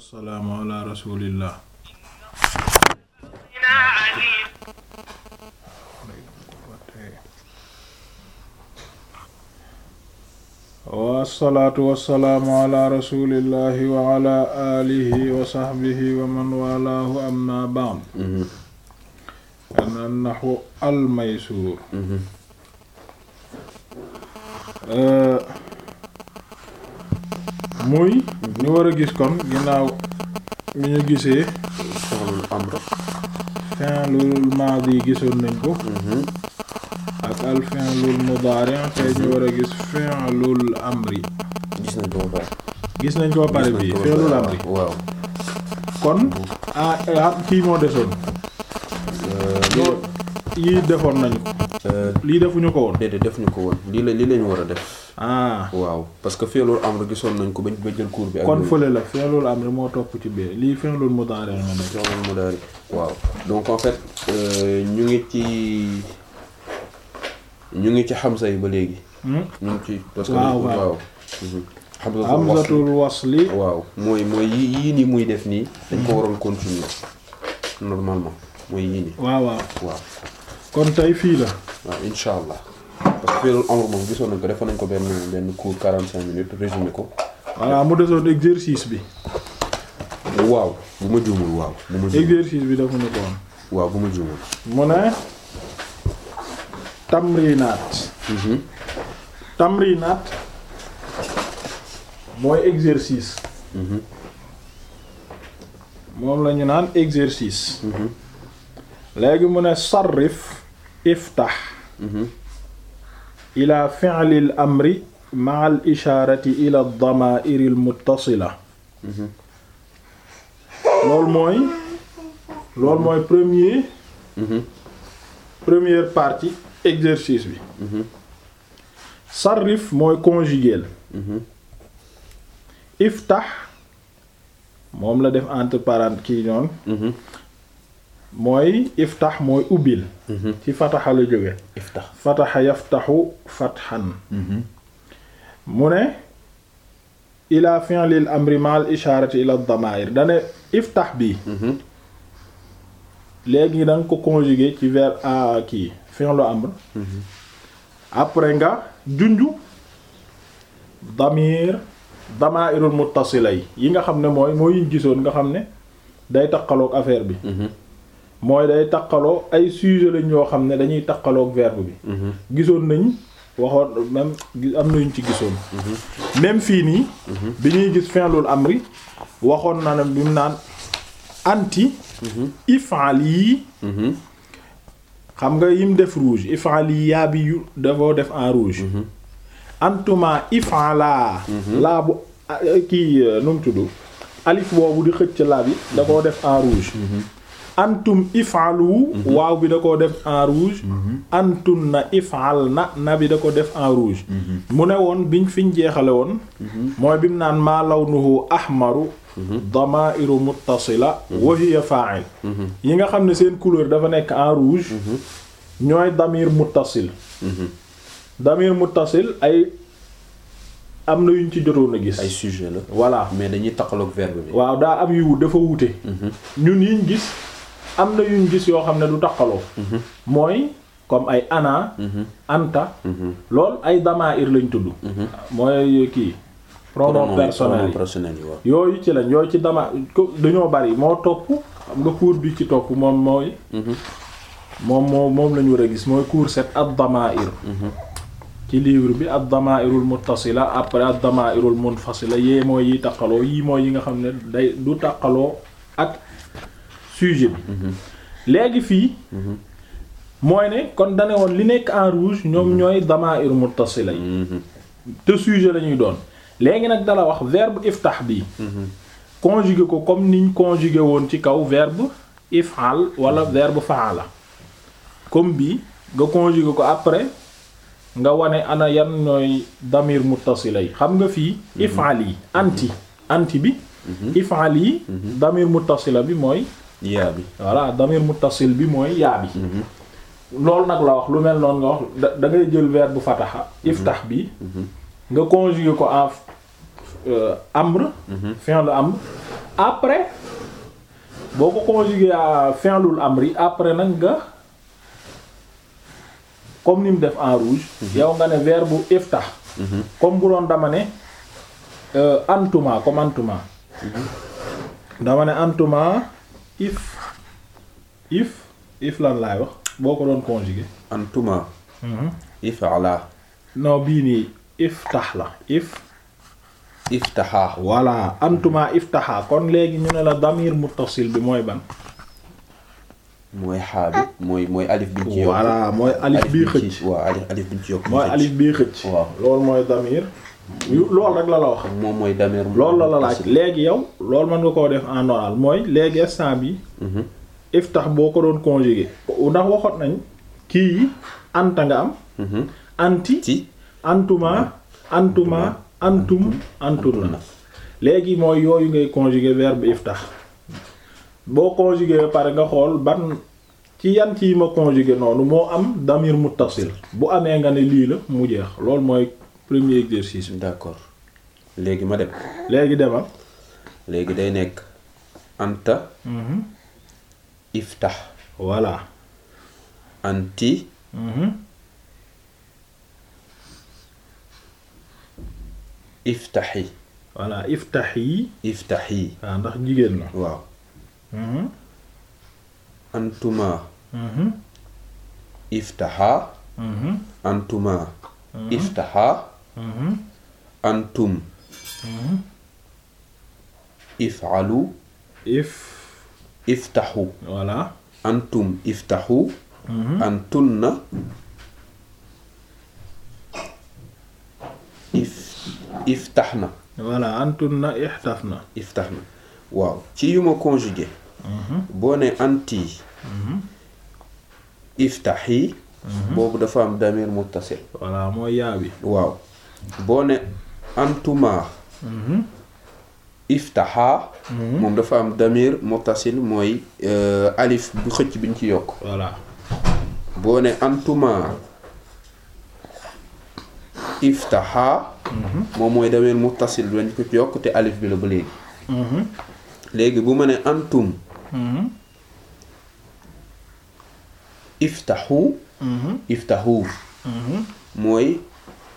assalaamu ala rasulillah wassalaatu wassalaamu ala rasulillahi wa ala alihi wa sahbihi wa man walaahu amma ba'd ana nahwu al maysuur mm-hmm. uh, muy ñu war a gis kon ginnaaw mi ñu gisee fi'lul amr fi'lul maadi gisoon nañ ko mhm. ak al fi'lul mudaari tey ñu war a gis fi'lul amri gis nañ ko pare gis nañ ko pare bi fi'lul amri waaw kon ah kii moo desoon euh, lii defoon nañ ko euh, lii defuñu ko woon déedéet defuñu ko woon lii la lii lañu war a def ah waaw parce que fi'lul amr gisoon nañ ko ba ba jël cours bi. ak kon fële la fi'lul moo topp ci biir lii fi'lul mudari la nekk. fi'lul waaw donc en fait euh, ñu ngi ci ñu ngi ci xamsa yi ba léegi. Hmm? ñu ngi ci parce que waaw. Mhm. hamzatul wasli waaw mooy mooy yii nii muy def nii. dañ ko waroon continuer normalement mooy yii nii. waaw waaw waaw. kon tey fii la. waaw incha allah. parce que féerul moom gisoon nañ ko defoon nañ ko benn benn cours 45 minutes résumé ko. voilà mu desoon exercice bi. waaw bu ma juumul waaw. bu ma juumul exercice bi defuñu ko woon. waaw bu ma juumul. mu ne. tamrinaat. Mhm. tamrinaat mooy exercice. Mhm. moom la ñu naan exercice. Mhm. léegi mu ne sarrif iftax. ila fi'lil amri ma'al ishaarati ila ad-damaa'iril muttasila loolu mooy loolu mooy premier première partie exercice bi sarrif mooy conjuguer iftax moom la def entre parenthèses kii mooy iftax mooy ubbil mhm. ci fataxa la jóge iftax fataxa yaftaxu fatxan mhm. mu ne ila fi'lil amri ma al isharati ila damair iftax bi mhm. léegi da ko conjuguer ci verbe a kii fi'lu amr après nga junju damir damairul muttasila yi nga xam ne mooy mooy yiñ gisoon nga xam ne day taqaloog affaire bi mooy day taqaloo ay sujet lañ yoo xam ne dañuy taqaloog verbe bi mhm. gisoon nañ waxoon même am nañu ci gisoon mhm. même fii nii mhm. bi ñuy gis fi'lul amri waxoon na ne bi mu naan anti if'ali xam nga yim def rouge if'ali yaa bi yu dafoo def en rouge antuma if'ala laa bu kii nu mu tudd alif boobu di xëcc laa bi da koo def en rouge antum ifaalu mhm. waaw bi da ko def en rouge mhm. antun na ifaal na na bi da ko def en rouge mhm. mu ne woon biñ fiñ jeexale woon mooy bi mu naan maa lawnuhu ahmaru damairu muttasila wa hiya fa'il yi nga xam ne seen couleur dafa nekk en rouge ñooy damir muttasil damir muttasil ay am na yuñ ci jotoon a gis. ay la voilà mais dañuy taxaloog verbe waaw daa am yu dafa wuute. ñun yiñ gis. am na yuñ gis yoo xam ne du taqaloo mhm. mooy comme ay ana mhm. anta mhm. lool ay damair lañ tudd mooy kii pronom personnel yi yooyu ci lañ yooyu ci dama dañoo bari moo topp xam nga cours bi ci topp moom mooy moom moo moom lañu war a gis mooy cours set ad damair ci livre bi ad damairul muttasila après ad damairul munfasila yee mooy yi taqaloo yii mooy yi nga xam ne day du taqaloo ak sujet bi mhm. léegi fii mhm. mooy ne kon dane woon li nekk en rouge ñoom mhm. ñooy damair muttasila yi te sujet la ñuy doon léegi nag dala wax verbe iftah bi conjugué ko comme niñ conjugué woon ci kaw verbe ifal wala verbe faala comme bi nga conjugué ko après nga wane ana yan ñooy damir muttasila yi xam nga fii ifal lii anti anti bi ifal lii damir muttasila bi mooy yaa bi voilà damir muttasil bi mooy yaa bi mhm. loolu nag la wax lu mel noonu nga wax da ngay jël weer bu fataxa mhm. iftax bi mhm. nga conjuguer ko en amr fi'l amr après boo ko conjuguer à fi'lul amri après nag nga comme ni mu def en rouge yow nga ne verbe bu iftax comme bu doon dama ne euh, antuma comme antuma dama ne antuma if if if lan laay wax boo ko doon conjugué antuma mhm. ifala non bii nii iftax la if iftaxa voilà antuma iftaxa kon léegi ñu ne la damir muttasil bi mooy ban mooy xaa bi mooy mooy alif bi ci mooy alif bii xëcc waaw alif xëcc waaw loolu mooy damir lool rek la la wax. moom mooy dameer loolu la la léegi yow loolu mën nga koo def en oral mooy léegi instant bi mhm. iftax boo ko doon conjuguer. ndax waxoon nañ kii yi anta nga am. Mhm. anti. ci antuma antuma antum antuna léegi mooy yooyu ngay conjuguer verbe iftax boo conjuguer pare nga xool ban ci yan ci ma conjuguer noonu moo am damir muttasil bu amee nga ne lii la mu jeex loolu mooy. premier exercice bi. d'accord léegi ma dem. léegi demal. léegi day nekk anta. Mhm. iftax. voilà. anti. Mhm. iftaxi. voilà iftaxi. iftaxi. Ah, ndax jigéen la. waaw. Mhm. antuma. iftaxa. antuma. iftaxa. Mm-hmm. antum mm-hmm. if'alu if iftaxu antum iftaxu mm-hmm. antunna na iftax na waaw ci yu ma conjugué boo ne anti iftaxi boobu dafa am damir muttasil waaw boo ne antuma mhm. iftaha mhm. moom dafa am damir muttasil mooy euh, alif bu xëcc biñ ci yokk voilà boo ne antuma iftaha mhm. moom mooy damir muttasil dañ ko ci yokk te alif bi la ba léegi léegi bu ma ne antum iftahu iftahu mooy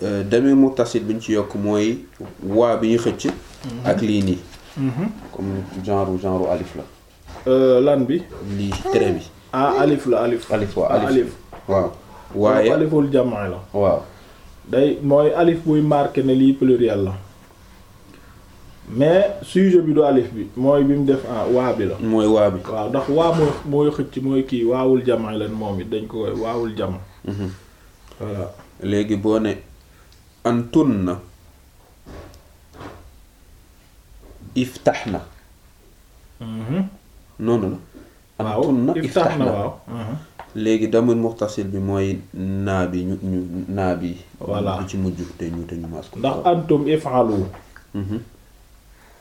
Euh, damir muttasil bi ñu ci yokk mooy waa bi ñu xëcc. Mhm. ak lii nii. Mhm. comme genre genre alif la. Euh, lan bi. lii trait bi. ah alif la alif. alif waaw ah, waaye aliful jamaa la. waaw. day mooy alif buy marqué ne lii pluriel la. mais sujet bi du alif bi mooy bi mu def en waa bi la. mooy waa bi. waaw ndax waa mooy xëcc mooy kii waawul jamaa lan moom it dañ ko waawul jamaa. Mhm. léegi boo ne. antunna na mhm. noonu la antunna iftaxna waaw mhm. léegi damul muxtasil bi mooy naa bi ñu ñu naa bi voilà ci mujj te ñu te ñu maas ko ndax antum ifaalu mhm.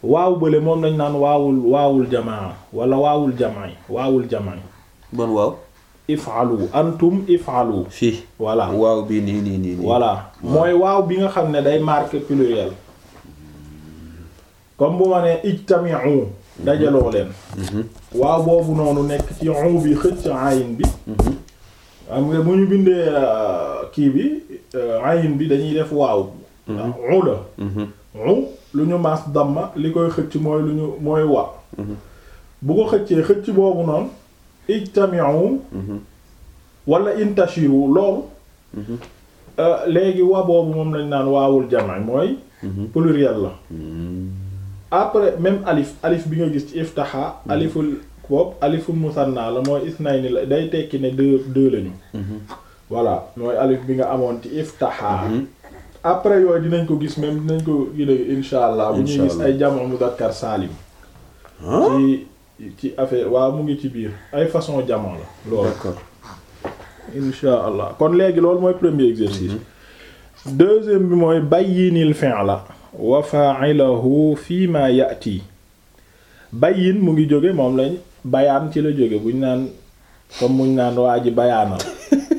waaw bële moom lañ naan waawul waawul jamaa wala waawul jamaa waawul bon waaw ifaalu antum ifaalu fii voilà waaw bi nii nii nii voilà mooy waaw bi nga xam ne day marqué pluriel comme bu ma nee ijtami'u mhm. dajaloo leen mhm. waaw boobu noonu nekk ci u bi xëcc ayin bi mhm. xam nga bu ñu bindee euh, kii bi euh, ayin bi dañuy def waaw u la u lu ñu mas damma li koy xëcc mooy lu ñu mooy wa bu ko xëccee xëcc boobu noonu ijtami'u mhm. wala intashiru loolu mhm. euh, léegi waa boobu moom lañ naan waawul jama mooy mhm. pluriel la après même alif alif bi nga gis ci iftaha aliful boobu aliful musanna la mooy isnayni la day tekki ne deux deux lañu voilà mooy alif bi nga amoon ci iftaha après yooyu dinañ ko gis même dinañ ko gën insha allah bu ñuy gis ay jama mudakkar saalim ah? ci affaire waa mu ngi ci biir ay façon jamono la loolu insha allah kon léegi loolu mooy premier exercice mhm. deuxième bi mooy bayyinil fi'la wa fa'ilahu fi ma ya'ti bayyin mu ngi jóge moom lañ bayaan ci la jóge buñ naan comme muñ naan waa ji bayaanal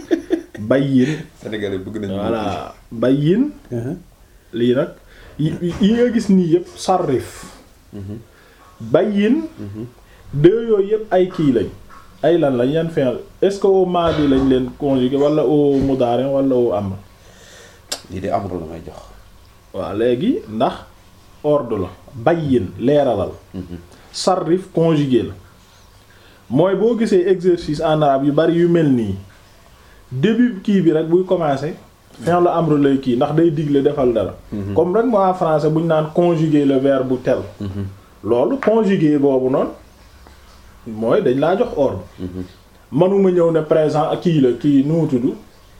bayyin sénégalais bëgg nañu mhm. lii nag yi nga gis nii yépp sarrif mhm. bayyin deux yooyu yëpp ay kii lañ ay lan lañ yan fin est-ce que au maadi lañ leen conjugué wala au mudaari wala au amr lii de am la may jox waaw léegi ndax ordre la bayyin leeralal mhm. sarrif conjugué la mooy boo gisee exercice en arabe yu bari yu mel nii début kii bi rek buy commencer fin la amru lay kii ndax day digle defal dara mhm. comme rek moo en français bu ñu naan conjuguer le bu tel mhm. loolu conjugué boobu noonu mooy dañ laa jox ordre. manuma ñëw ne présent kii la nu mu tudd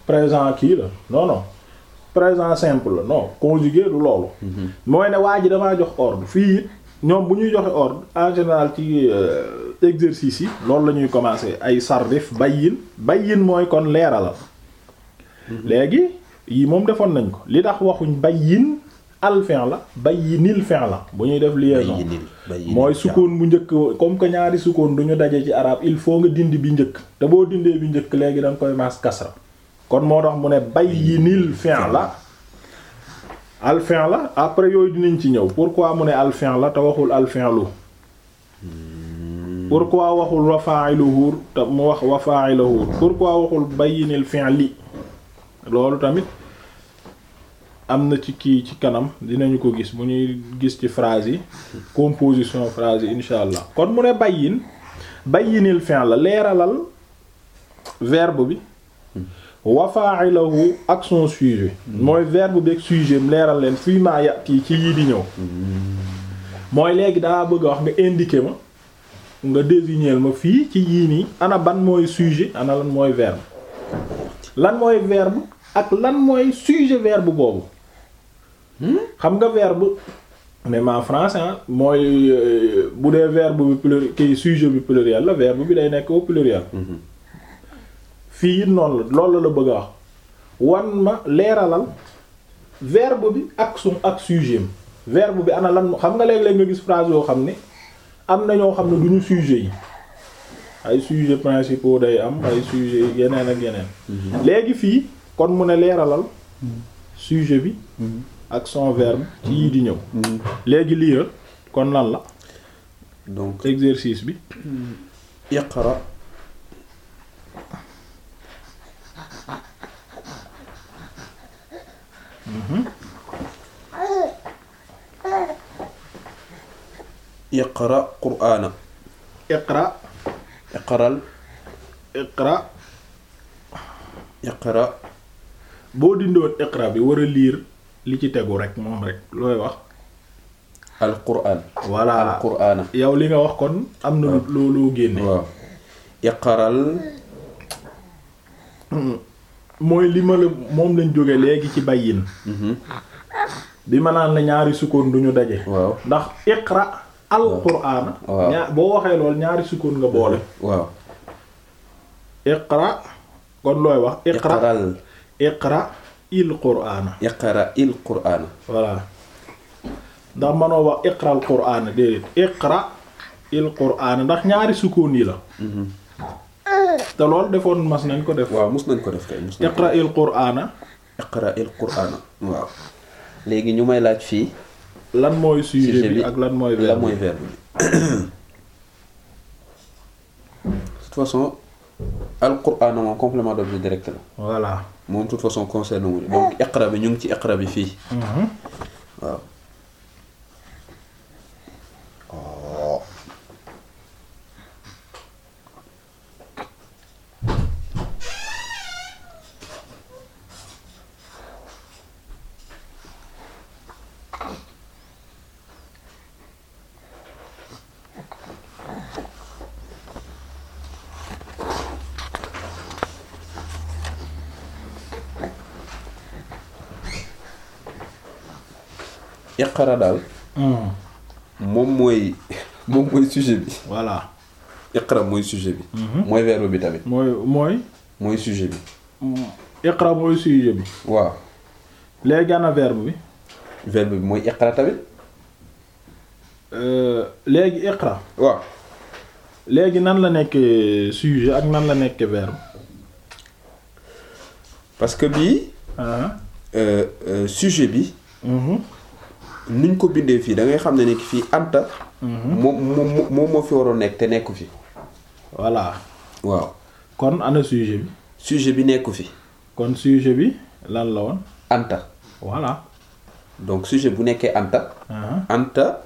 présent kii la non non présent simple la non conjugué du loolu. mooy ne waa ji damaa jox ordre fii it ñoom bu ñuy joxe ordre en général ci euh, exercice yi loolu la ñuy commencer ay sarrif bayyin bayyin mooy kon leeralal. Mhm. léegi yii moom defoon nañ ko li tax waxuñ bayyin la bay al nil bayyinil la bu ñuy def liaison mooy sukkoon bu njëkk comme que ñaari sukkoon du ñu daje ci arab il faut nga dind bi njëkk te boo dindee bi njëkk léegi da nga koy maas kasra kon moo tax mu ne bayyinil la al la après yooyu dinañ ci ñëw pour pourquoi mu ne al la te waxul al fi'lu pourquoi waxul wa fa'iluhu te mu wax wa fa'iluhu pourquoi waxul bayyinil fi'li loolu tamit am na ci kii ci kanam dinañu ko gis mu ñuy gis ci phrase yi composition phrase yi insha allah kon mu ne bayyin bayyinil fi'la leeralal verbe bi wa fa'ilahu ak son mooy verbe bi ak sujet leeral leen fii maa yàtti ci yii di ñëw mooy léegi daa bëgg a wax nga indiquer ma nga désigner ma fii ci yii nii ana ban mooy sujet ana lan mooy verbe lan mooy verbe ak lan mooy sujet verbe boobu xam nga verbe mais ma français ah mooy euh, bu dee verbe bi pluriel kii sujet bi pluriel la verbe bi day nekk au pluriel. fii it noonu la lool la bëgg a wax wan ma leeralal verbe bi ak su ak sujet verbe bi ana lan xam nga léeg-léeg nga gis phrase yoo xam ne am na ñoo xam ne duñu ñu yi ay sujet principaux day am ay sujet yeneen ak yeneen. Mhm. léegi fii kon mu ne leeralal sujet bi. Mhm. ak son verbe ci yii di ñëw léegi liiral kon lan la donc exercice bi iqra mhm. iqra qur'ana iqra iqral iqra boo dindoon iqra bi war a liir li ci tegu rek moom rek looy wax. al quraan. voilà yow li nga wax kon am na lu lu génne. waaw iqaral. mooy li ma la moom lañ jóge léegi ci bayin. Mhm. bi ma naan la ñaari sukkoon du ñu daje. ndax iqra. al quraan. ñaar boo waxee lool ñaari sukkoon nga boole. waaw. kon looy wax. iqra iqral il quraana iqra il quraana voilà ndax manoo wax iqra quraana déedéet iqra il quraana ndax ñaari sukkoon yi la mhm. te loolu defoon mas nañ ko def waaw mus nañ ko def kay mus nañ ko il quraana il quraana waaw léegi ñu may laaj fii lan mooy sujet bi ak lan mooy verbe bi de façon al quraana moom complément d'objet direct la voilà moom toute façon concerné wu donc iqra bi ñu ngi ci iqra bi fii mhm. waaw xara daal. Hmm. moom mooy moom mooy sujet bi. voilà iqra mooy sujet bi. Mhm. mooy verbe bi tamit. mooy mooy. mooy sujet bi. Hmm. iqra mooy sujet bi. waaw. léegi ana verbe bi. verbe bi mooy iqra tamit. Euh, léegi iqra. waaw. léegi nan la nekk sujet ak nan la nekk verbe. parce que bii. Uh bi. Mhm. nuñ ko bindee fii dangay xam ne nekk fii Anta. Mhm. moom moom moom moo fi waroon nekk te nekku fi. voilà. waaw kon ana bi. sujet bi nekku fi. kon sujet bi lan la woon. Anta. voilà. donc sujet bu nekkee Anta. Uh-huh. Anta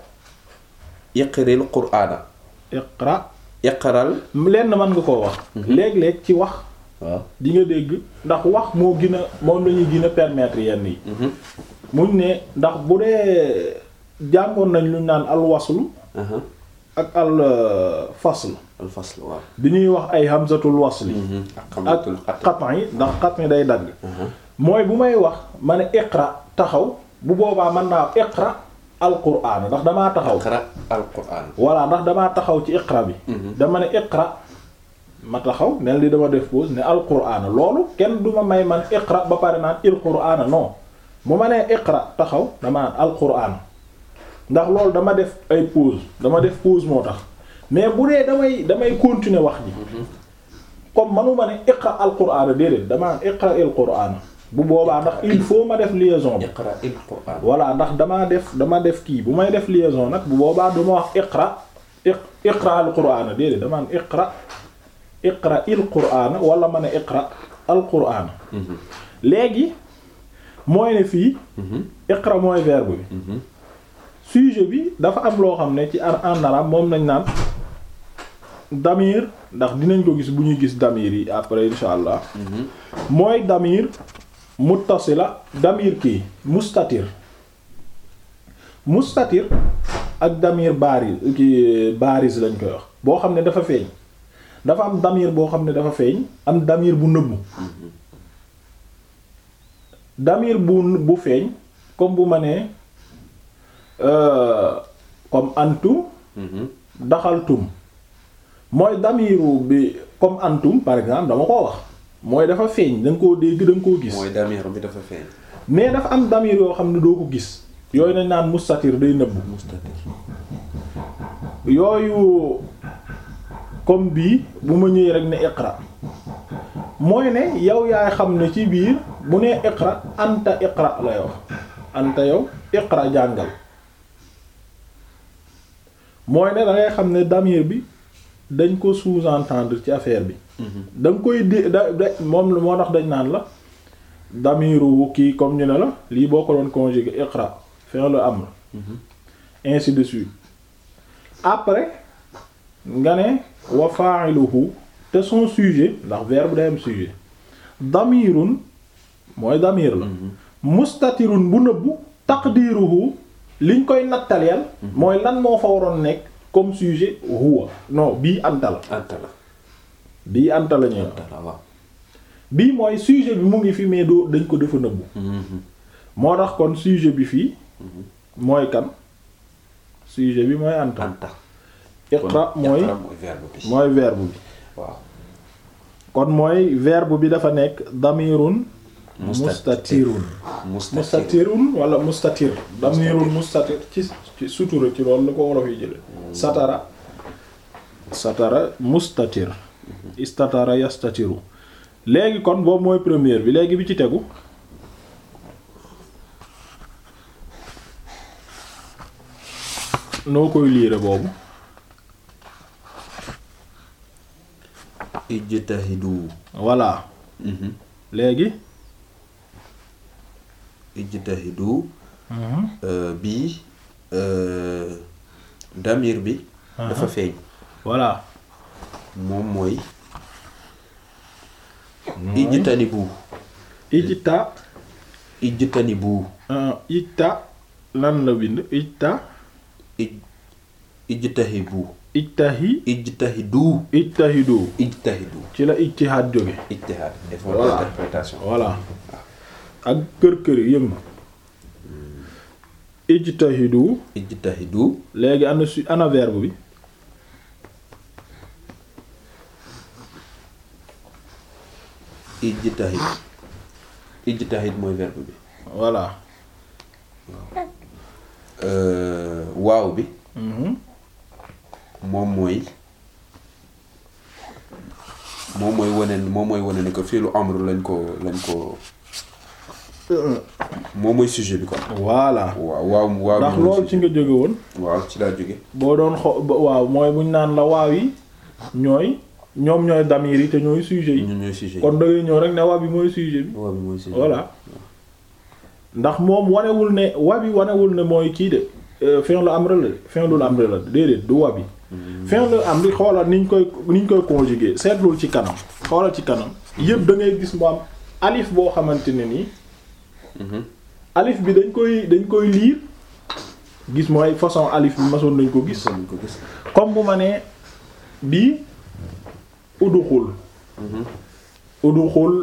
iqril quraana. iqra. iqral. lenn mën nga koo wax. Mhm. léeg ci wax. waaw di nga dégg ndax wax moo gën a moom la ñuy gën a permettre yenn yi. Mhm. muñ ne ndax bu dee jàngoon nañ lu ñu naan alwaslu ak al euh, fasl al fasl bi ñuy wax ay hamzatul wasli mhm. ak qat'i yi ndax qat'i day dagg mooy bu may wax ma ne iqra taxaw bu boobaa mën naa iqra alquraan ndax damaa taxaw iqra alquraan voilà ndax damaa taxaw ci iqra bi mhm. dama ne iqra ma taxaw nel di dama def pause ne alquraan loolu kenn duma may man iqra ba pare naan il quraan non bu ma nee iqra taxaw dama alquran ndax loolu dama def ay pause dama def pause moo tax mais bu dee damay damay continuer wax ji comme manuma ne iqra alquran déedéet dama iqra alquran bu boobaa ndax faut ma def liaison bi iqra alquran damaa def dama def kii bu may def liaison nag bu boobaa duma wax iqra iqra alquran déedéet dama iqra iqra alquran wala ma ne iqra alquran mhm. léegi mooy ne fii mhm. iqra mooy verbe bi mhm. sujet bi dafa am loo xam ne ci en arabe moom lañ naan damir ndax dinañ ko gis bu ñuy gis damir yi après insha allah mhm. mooy damir muttasila damir kii mustatir mustatir ak damir baariz ki baariz lañ koy wax boo xam ne dafa feeñ dafa am damir boo xam ne dafa feeñ am damir bu nëbbu damir bu bu feeñ comme bu ma nee euh, comme antum mhm. daxaltum mooy damiru bi comme antum par exemple dama koo wax mooy dafa feeñ da nga koo dégg da koo gis. mooy damiru bi dafa feeñ. mais dafa am damir yoo xam ne doo ko gis. yooyu nañ naan mustatir day nëbbu. mustatir yooyu comme bii bu ma ñëwee rek ne iqra mooy ne yow yaay xam ne ci biir. bu ne iqra anta iqra lay wax anta yow iqra jàngal mooy ne da xam ne damir bi dañ ko sous-entendre ci affaire bi mhm. da koy di da moom moo tax dañ naan la damiru kii comme ñu ne la lii boo ko doon conjuguer iqra fi'l amr mhm. ainsi de suite après nga ne wa fa'iluhu te son sujet ndax verbe day am sujet damirun mooy damir la mhm. mustatirun bu nëbbu taqdiruhu liñ koy nattaleel mhm. mooy lan moo fa waroon nekk comme sujet huwa non bii anta la bii anta la ñu bii mooy sujet bi mu ngi fi mais doo dañ ko defa nëbbu mhm. moo tax kon sujet bi fii mooy kan sujet bi mooy anta anta mooy mooy bi kon mooy verbe bi dafa nekk damirun mustatirun mustatirun walla mustatir damirul mustatir ci ci sutura ci loolu la ko wolof yi jële mm. satara satara mustatir mm-hmm. istatara yastatiru léegi kon boobu mooy première bi léegi bi ci tegu noo koy liire boobu ijtahidu voilà mm-hmm. léegi ijtahidu mhm. euh, bi euh, damir bi dafa feeñ voilà moom mooy ijtanibu ijta ijtanibu euh, ijta lan la bind ijta ij ijtahibu ijtahi ijtahidu ijtahidu ijtahidu ci la ijtihaad jóge ijtihaad voilà interprétation voilà ak kër-kër yi yëg ma ijtahidu ijtahidu léegi ana su ana verbe bi ijtahid ijtahid mooy verbe bi voilà euh, waaw bi mhm. moom mooy moom mooy wane moom mooy wane ne ko fiilu amru lañ ko lañ ko moom mooy sujet bi quoi. voilà waaw waaw waaw. ndax loolu ci nga jóge woon. waaw ci laa jóge. boo doon xo waaw mooy buñ naan la waaw yi ñooy ñoom ñooy damir yi te ñooy sujet yi. ñoom ñooy sujet yi kon da ngay ñëw rek ne waa bi mooy sujet bi. waa bi mooy sujet voilà. ndax moom wanewul ne waa bi wanewul ne mooy kii de. Euh, fi'l amr la fi'l amr la déedéet du waa bi. Mm. fi'l amr xoolal niñ koy niñ koy conjuguer seetlul ci kanam xoolal ci kanam. yëpp da ngay gis mu am alif boo xamante ne nii. Mm-hmm. alif bi dañ koy dañ koy liir gis mooy façon alif bi masoon nañ ko gis. nañ ko gis comme bu ma nee bii uduxul. Mm-hmm. uduxul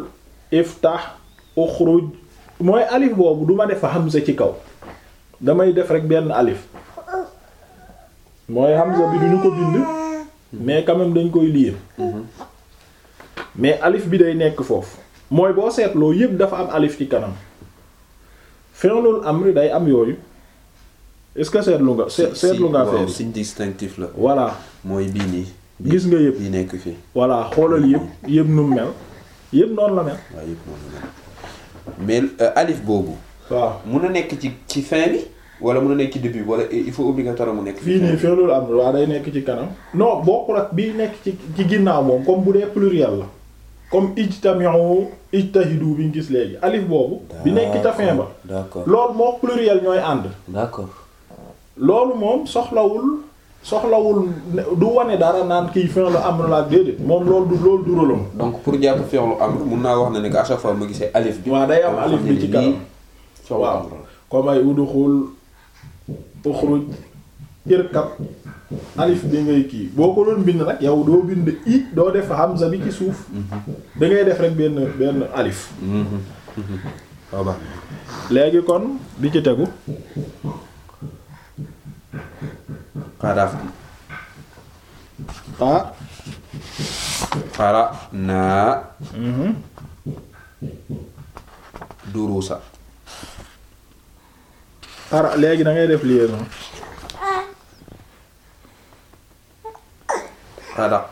iftah uxruj mooy alif boobu duma ma def hamza ci kaw damay def rek benn alif mooy hamza bi duñu ko bind. mais quand dañ koy liir. Mm-hmm. mais alif bi day nekk foofu. mooy boo seetloo yépp dafa am alif ci kanam. fi'lul amri day am yooyu est-ce que seetlu nga seetlu nga affaire yi signe distinctif la voilà mooy bii nii gis nga yëpp yi nekk fii voilà xoolal yëpp yëpp nu mu mel yëpp noonu la mel euh, alif boobu waaw mun a nekk ci ci fin bi wala mun a nekk ci début wala il faut obligatoire mu nekk fii nii fi'lul amri waaw day nekk ci kanam non bokkul ak bii nekk ci ci ginnaaw moom comme bu dee pluriel la comme ijtami'u ijtahidu bi ñu gis léegi alif boobu. bi nekk ca fin ba. lool loolu moom pluriel ñooy ànd. d'accord loolu moom soxlawul soxlawul du wane dara naan kii fi'lu amr la déedéet. moom lool du loolu du rëlam. donc pour jàpp fi'lu amr mun naa wax na que à chaque fois ma gisee alif bi. waaw day am alif bi ci kanam waaw comme ay udxul uxruj irkab alif bi ngay kii boo ko doon bind nag yow doo bind i doo def hamza bi ci suuf da def rek benn benn alif léegi kon bi ci tegu xaraaf a naa mhm. durusa xara léegi da ngay def liénon sadaq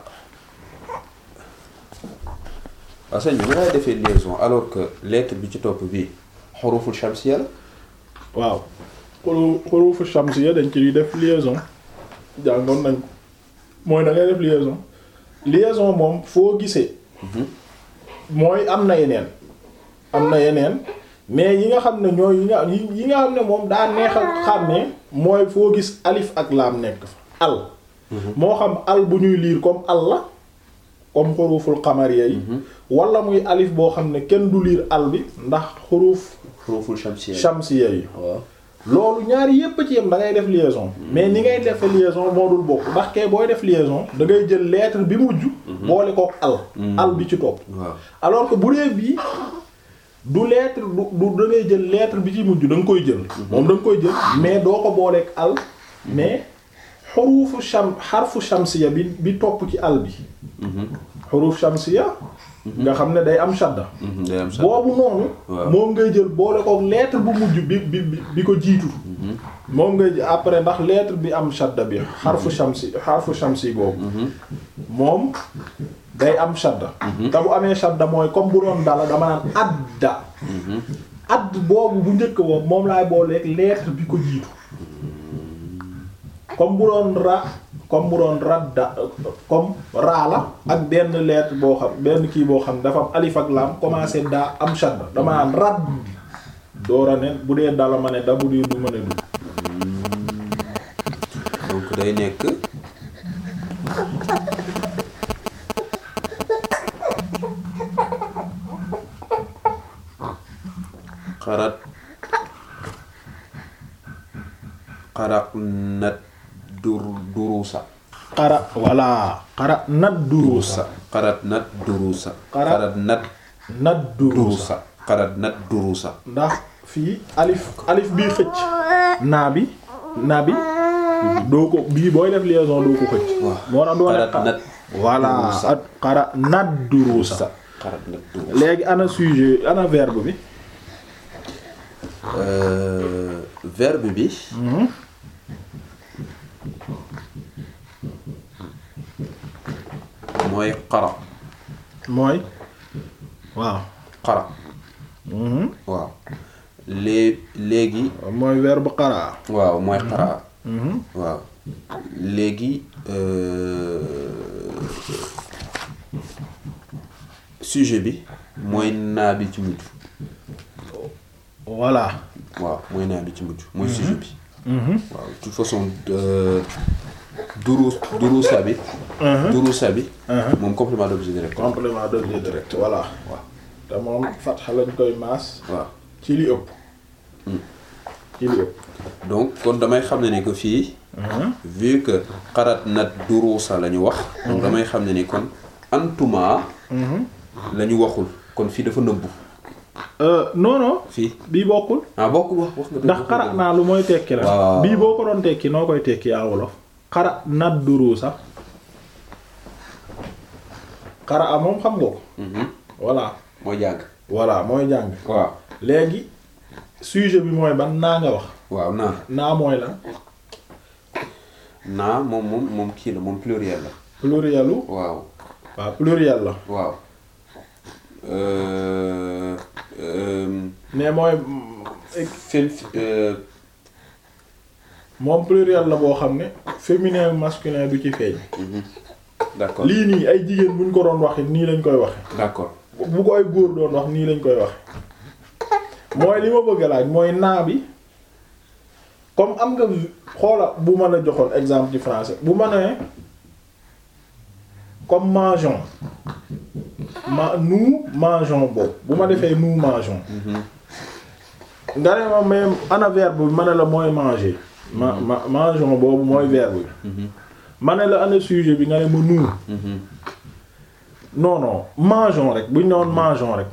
waaw sëñ bi ñu ngay defee liaison alors que lettre bi ci topp bii xuruful shamsiya la waaw xuru xurufu shamsiya dañ ciy def liaison jàngoon nañ ko mooy da def liaison liaison moom foo gisee mhm. mooy am na yeneen am na yeneen mais yi nga xam ne ñooy yi nga yi ne moom daa neexal xàmmee mooy foo gis alif ak laam nekk fa al moo xam al bu ñuy liir comme al la comme xuruful xamariya yi mhm. wala muy alif boo xam ne kenn du liir al bi ndax xuruf xuruful shamsiya yi shamsiya loolu ñaari yépp ci yem da ngay def liaison mhm. mais ni ngay defe liaison moo dul bokk ndax kay booy def liaison da ngay jël lettre bi mujj mhm. boole kook al al bi ci topp alors que bu dee bii du lettre du da jël lettre bi ci mujj da nga koy jël moom da koy jël mais doo ko booleek al mais xuruufu sham xarfu shamsiya bi bi topp ci al bi mhm. xuruuf shamsiya mhm. nga xam ne day am shadda mhm, boobu noonu moom ngay jël boole ko lettre bu mujj bi bi ko jiitu moom ngay après ndax lettre bi am shadda bi xarfu shamsi boobu moom day am shadda te amee shadda mooy comme bu doon dala dama naan adda add boobu bu njëkk woon moom laay booleeg lettre bi ko jiitu comme bu doon ra comme bu doon radda comme raa la ak benn lettre boo xam benn kii boo xam dafa am alif ak laam am shadda dama ne bu dee dala ma ne da bu du ma ne du donc day nekk xarat xaraqnat dur duruusa qara voilà qara nat duruusa qarat nat duruusa ndax fii alif alif bii xëcc naa bi naa bi doo ko bii booy def liaison doo ko xëcc moo tax doo ne nat voilà ana sujet ana verbe bi euh, verbe bi mhm. mooy xara mooy waaw xara mm-hmm. waaw lée léegi mooy verbe xara waaw mooy xara mm-hmm. mm-hmm. waaw léegi euh, sujet bi mooy naa bi ci mujj voilà waaw mooy naa bi ci mujj mooy sujet bi Mm-hmm. waaw de toute façon duru duru sabi. Mm-hmm. duru sabi. Mm-hmm. moom complément d'objet direct. complément direct voilà. waaw te moom fatxa lañ koy maas. waaw ci li ëpp. Mm. ci li ëpp. donc kon damay xam ne ni que fii. vu que xarat nat duruusa la ñu wax. donc damay xam ne ni kon antuma. la ñu waxul kon fii dafa nëbbu. Euh, non fii bii bokkul. ah bokkul wax ndax xara naa lu mooy tekki la. bii boo ko doon tekki noo koy tekki yaa wolof. xara nat duru sax xara a moom xam nga ko. Mhm. voilà. mooy jàng. voilà mooy jàng. waaw léegi sujet bi mooy ban naa nga wax. waaw naa. naa la. naa moom moom moom kii la moom pluriel la. plurielu. waaw. waaw pluriel la. waaw. Euh, mais mooy. Euh, fé euh, moom pluriel la boo xam ne féminin masculin du ci feeñ. Mhm. d'accord lii nii ay jigéen buñ ko doon waxee nii lañ koy waxee. d'accord bu ko ay góor doon wax nii lañ koy waxee. mooy li ma bëgg laaj mooy naa bi comme am nga xoola bu ma a joxoon exemple ci français bu ma nee comme mangeons ma nous mangeons boobu bu ma defee nous mangeons. nga ne ma mais ana verbe bi ma ne la mooy manger. ma ma mangeons boobu mooy verbe bi. ma ne la ana sujet bi nga ne ma nous. non non rek bu ñu noon mangeons rek.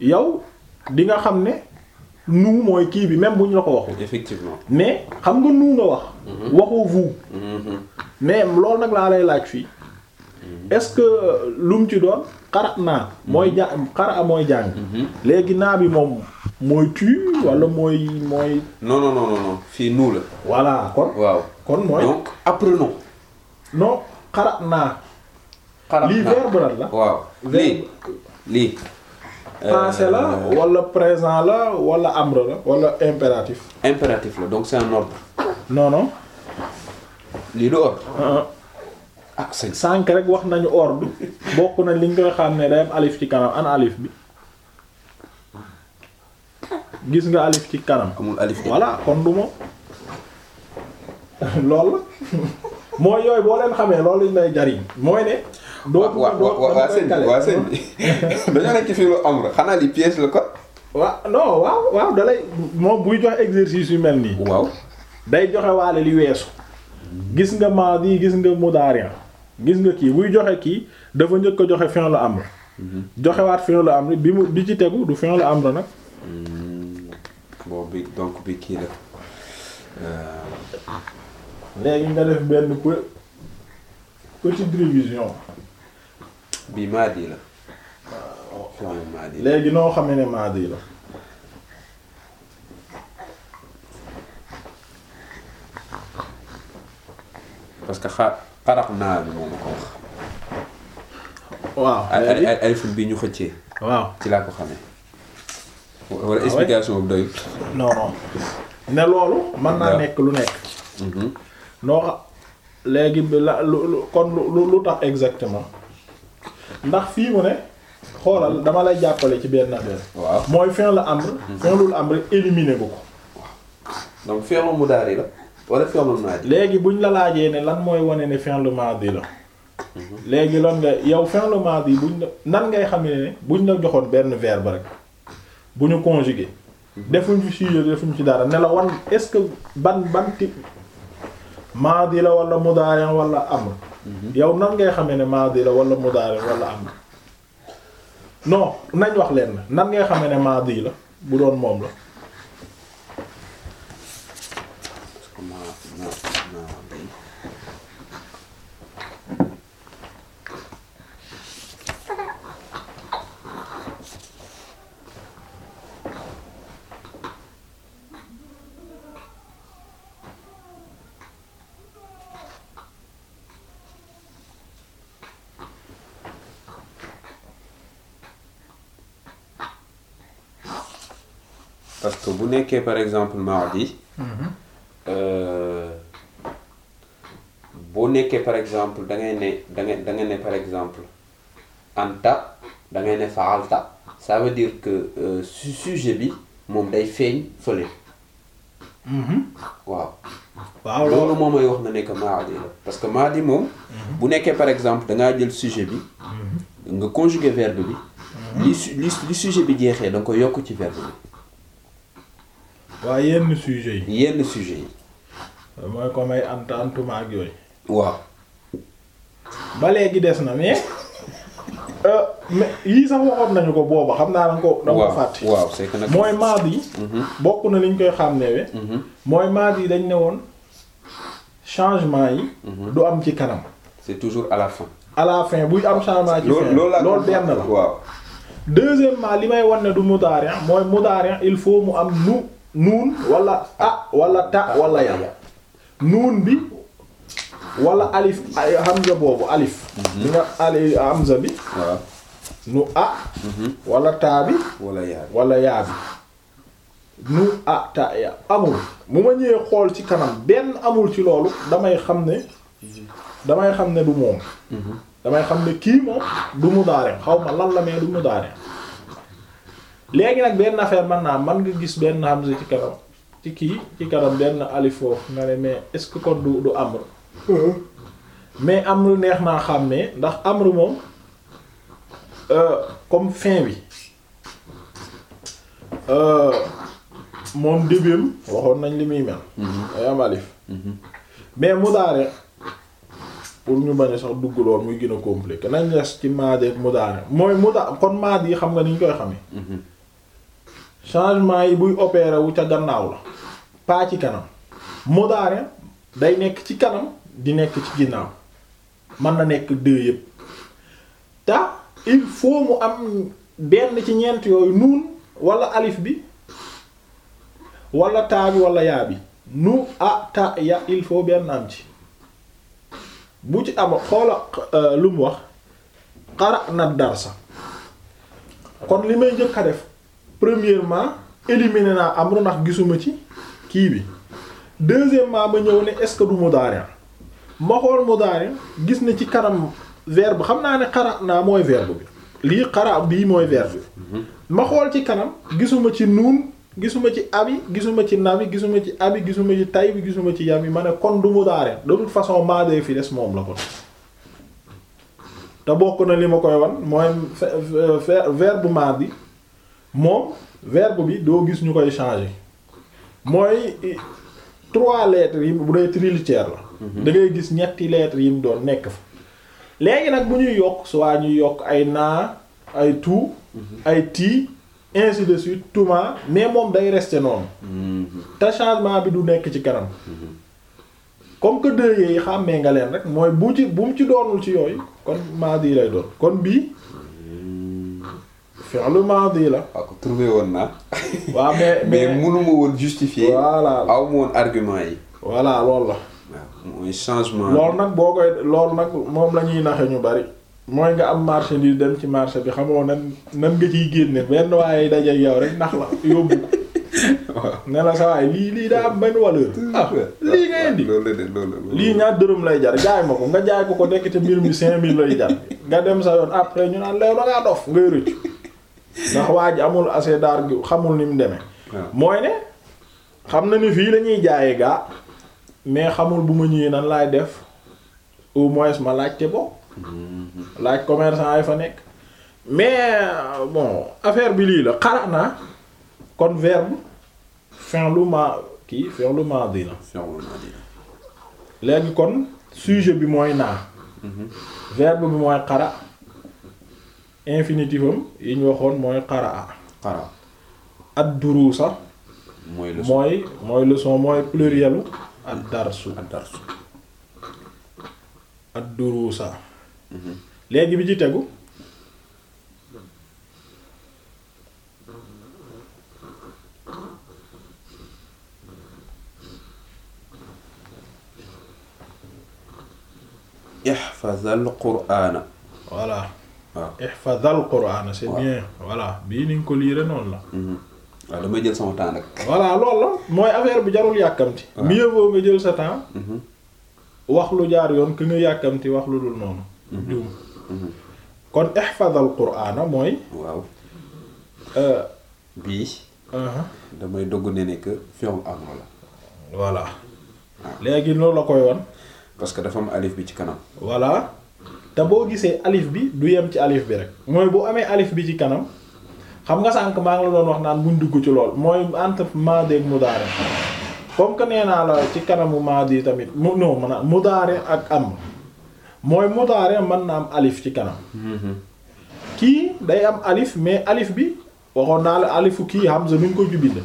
yow di nga xam ne nu mooy kii bi même bu ñu la ko waxul. effectivement mais xam nga nous nga wax. Mhm. Mhm. loolu nag laa lay laaj fii. Mm-hmm. est-ce que euh, lu mu ci doon xara naa mooy ja mm-hmm. xara mooy jàng mm-hmm. léegi naa bi moom mooy tuy wala mooy mooy non non non fii nuu la voilà kon waaw kon mooy donc apprenons non xara naa xara lii verbe la waaw lii lii passé la euh, wala présent la wala amr la wala impératif impératif la donc c'est un ordre lii du ordre ah, ah. ak ah, sànq rek wax nañu ordre bokk nañ li ñu koy xam ne day alif ci kanam an alif bi gis nga alif ci kanam. amul alif voilà kon du moom loolu mooy yooyu boo leen xamee loolu lay jariñ mooy ne. doo ko waa waa dalay moom buy jox exercice yu mel nii. waaw day joxe waale li weesu. gis nga maadi gis nga mudaari gis nga kii buy joxe kii dafa njëkk ko joxe fi'l amr joxewaat fi'l amr bi mu di ci tegu du fi'l amr nag. Hmm. bon bi donc bi kii la. Euh. léegi nga def benn peu petite révision. bi maadi la. léegi noo xam ne maadi la. parce que xaar. xarax naa bi moo ma ko wax. waaw ay ay iPhone bii ñu xëccee. waaw ci laa ko xamee. wala ah explication boobu doyul. non ne loolu. mën naa nekk lu nekk. Mhm. noo xa léegi bi la lu kon lu lu tax exactement. ndax fii mu ne. xoolal dama lay jàppale ci benn affaire. waaw mooy fin la amr. Mhm. fin lul amr éliminé bu ko. donc fin mu daari la. wala fi'lul maadi léegi buñ la laajee ne lan mooy wane ne fi'lul maadi la. léegi lan nga yow fi'lul maadi buñ la nan ngay xam ne buñ la joxoon benn verbe rek bu ñu conjugué. defuñu sujet defuñu ci dara ne la wan est-ce que ban banti ti maadi la wala mudaari wala amr. yow nan ngay xamee ne maadi la wala mudaari wala amr. non nañ wax leen nan ngay xamee ne maadi la bu doon moom la. na na na bay parce que bu nekkee par exemple bi nekkee par exemple da ngay ne da da ngay ne par exemple anta da ngay ne faalta ça veut dire que euh, su sujet bi moom day feeñ fële. Mm-hmm. waaw. waaw loolu moom mooy wax na ne que maadi la parce que maa maadi moom. Mm-hmm. bu nekkee par exemple dangaa ngaa jël sujet bi. Mm-hmm. nga conjuguer verbe bi. li li li sujet bi jeexee da nga koy yokk ci verbe bi. waaw yenn sujet yi. yenn sujet yi. mooy comme ay ant antumaak yooyu. waaw. ba léegi des na mais. Euh, mais yii sax waxoon nañu ko booba xam naa danga ko danga ko fàtte waaw c'est que nag mooy maadi yi mhm. bokk na liñ koy xàmmeewe mhm. mooy maadi yi dañ ne woon changement yi mhm. du am ci kanam c'est toujours à la fin à la fin buy am changement ci fin loolu benn la deuxièmement li may wan ne du mudaari mooy mudaari il faut mu am nu nuun wala a wala ta wala ya nuun bi wala alif ay hamza boobu alif. bi mhm. nga ali hamza bi. waaw nu a. Mhm. wala taa bi. wala yaa bi nu a taa ya amul bu ma ñëwee xool ci kanam benn amul ci loolu damay xam ne damay xam ne du moom. Mhm. damay xam ne kii moom du mu daare xaw ma lan la mais du mu daare léegi nag benn affaire man naa man nga gis benn hamza ci kanam ci kii ci kanam benn alif foofu nga ne mais est-ce que kon du du mais amru neex naa xam ne ndax amru moom euh, comme fin bi euh, moom début waxoon nañ li muy mel. day am alif. mais mudaare pour ñu bañ sax dugg lool muy gën a compliqué nañ des ci maadi ak mudaare mooy muda kon maadi yi xam nga ni ñu koy xamee. Mm-hmm. changement yi buy opeerewu ca gannaaw la pas ci kanam mudaare day nekk ci kanam. di nekk ci ginnaaw mën na nekk deux yëpp te il faut mu am benn ci ñeent yooyu nuun wala alif bi wala taa bi wala yaa bi nu a ta ya il faut benn am ci bu ci am xoola euh, lu mu wax xara na darsa kon li may njëkk a def premièrement éliminer naa amru nax gisuma ci kii bi deuxièmement ma ñëw ne est-ce ma xool mudaari gis na ci kanam verbe xam naa ne xara naa mooy verbe bi lii xara bii mooy verbe ma xool ci kanam gisuma ci nuun gisuma ci abi gisuma ci nabi gisuma ci abi gisuma ci tay bi gisuma ci yam yi ma ne kon du mudaari de façon maadee fi des moom la ko te bokk na li ma koy wan mooy verbe maadi moom verbe bi doo gis ñu koy changer mooy trois lettres yi bu dee trilitère la Mhm. dangay gis ñetti lettres yi mu doon nekk fa léegi nag bu ñuy yokk soit ñuy yokk ay naa ay tu mhm. ay tii ainsi de suite tuma mais moom day rester noonu mhm. te changement bi du nekk ci kanam comme que deux yi xàmmee nga leen rek mooy bu ci bu mu ci doonul ci yooyu kon maadi lay doon kon bii fi'lu maadi la. waaw ah, trouvé woon naa. waaw mais mais mënu ma woon justifier. voilà aw ma woon argument yi. voilà loolu la. waaw mooy changement. loolu nag boo koy loolu nag moom la ñuy naxe ñu bari. mooy nga am marché di dem ci marché bi xamoo nan nan nga ciy génne benn waaye dajeeg yow rek ndax la yóbbu ko. ne sa waay lii lii daa am benn valeur. Ah, lii nga ah, ñaar dërëm lay jar jaay ma ko nga jaay ko ko nekk te mbir mi 5000 lay jar nga dem sa yoon après ñu naan léegi da ngaa dof ngay rëcc ndax waa ji amul assez d'arguments xamul ni mu demee. Ah. mooy ne xam na ni fii lañuy ñuy gaa. mais xamul bu ma ñuy nan laay def au moins ma laajte bo mm-hmm. laaj commerçant yi fa nekk mais euh, bon affaire bi lii la xalaat naa kon verbe fi'lu ma kii fi'lu madi la léegi kon sujet bi mooy naa mm-hmm. verbe bi mooy xara infinitifam yi ñu waxoon mooy xara xara ad duruusa mooy leçon mooy leçon mooy plurielu ad darsu ad darsu mhm. léegi bi ci tegu ihfazal quraana voilà ihfazal quraana c'est bien voilà bii ni nga ko liire noonu la mhm. waaw damay jël sama temps rek. voilà loolu la mooy affaire bi jarul yàkkamti. mieux vaut nga jël sa temps. Mhm. wax lu jaar yoon ki nga yàkkamti wax lu dul noonu. juum mhm. mhm. kon ihfazal qur'aana mooy. waaw. Euh, bii. Uh-huh. damay dogg ne ne que fi'l la. voilà. Ah. léegi loolu la koy won parce que dafa am alif bi ci kanam. voilà te boo gisee alif bi du yem ci alif bi rek. mooy bu amee alif bi ci kanam. xam nga sànq maa ngi la doon wax naan buñ dugg ci lool mooy entre maadi ak mudaare comme que nee naa la ci kanamu maadi tamit mu non man mudaare ak am mooy mudaare man na am alif ci kanam. Mm-hmm. kii day am alif mais alif bi waxoon daal la alifu kii sa nuñ ko jubbile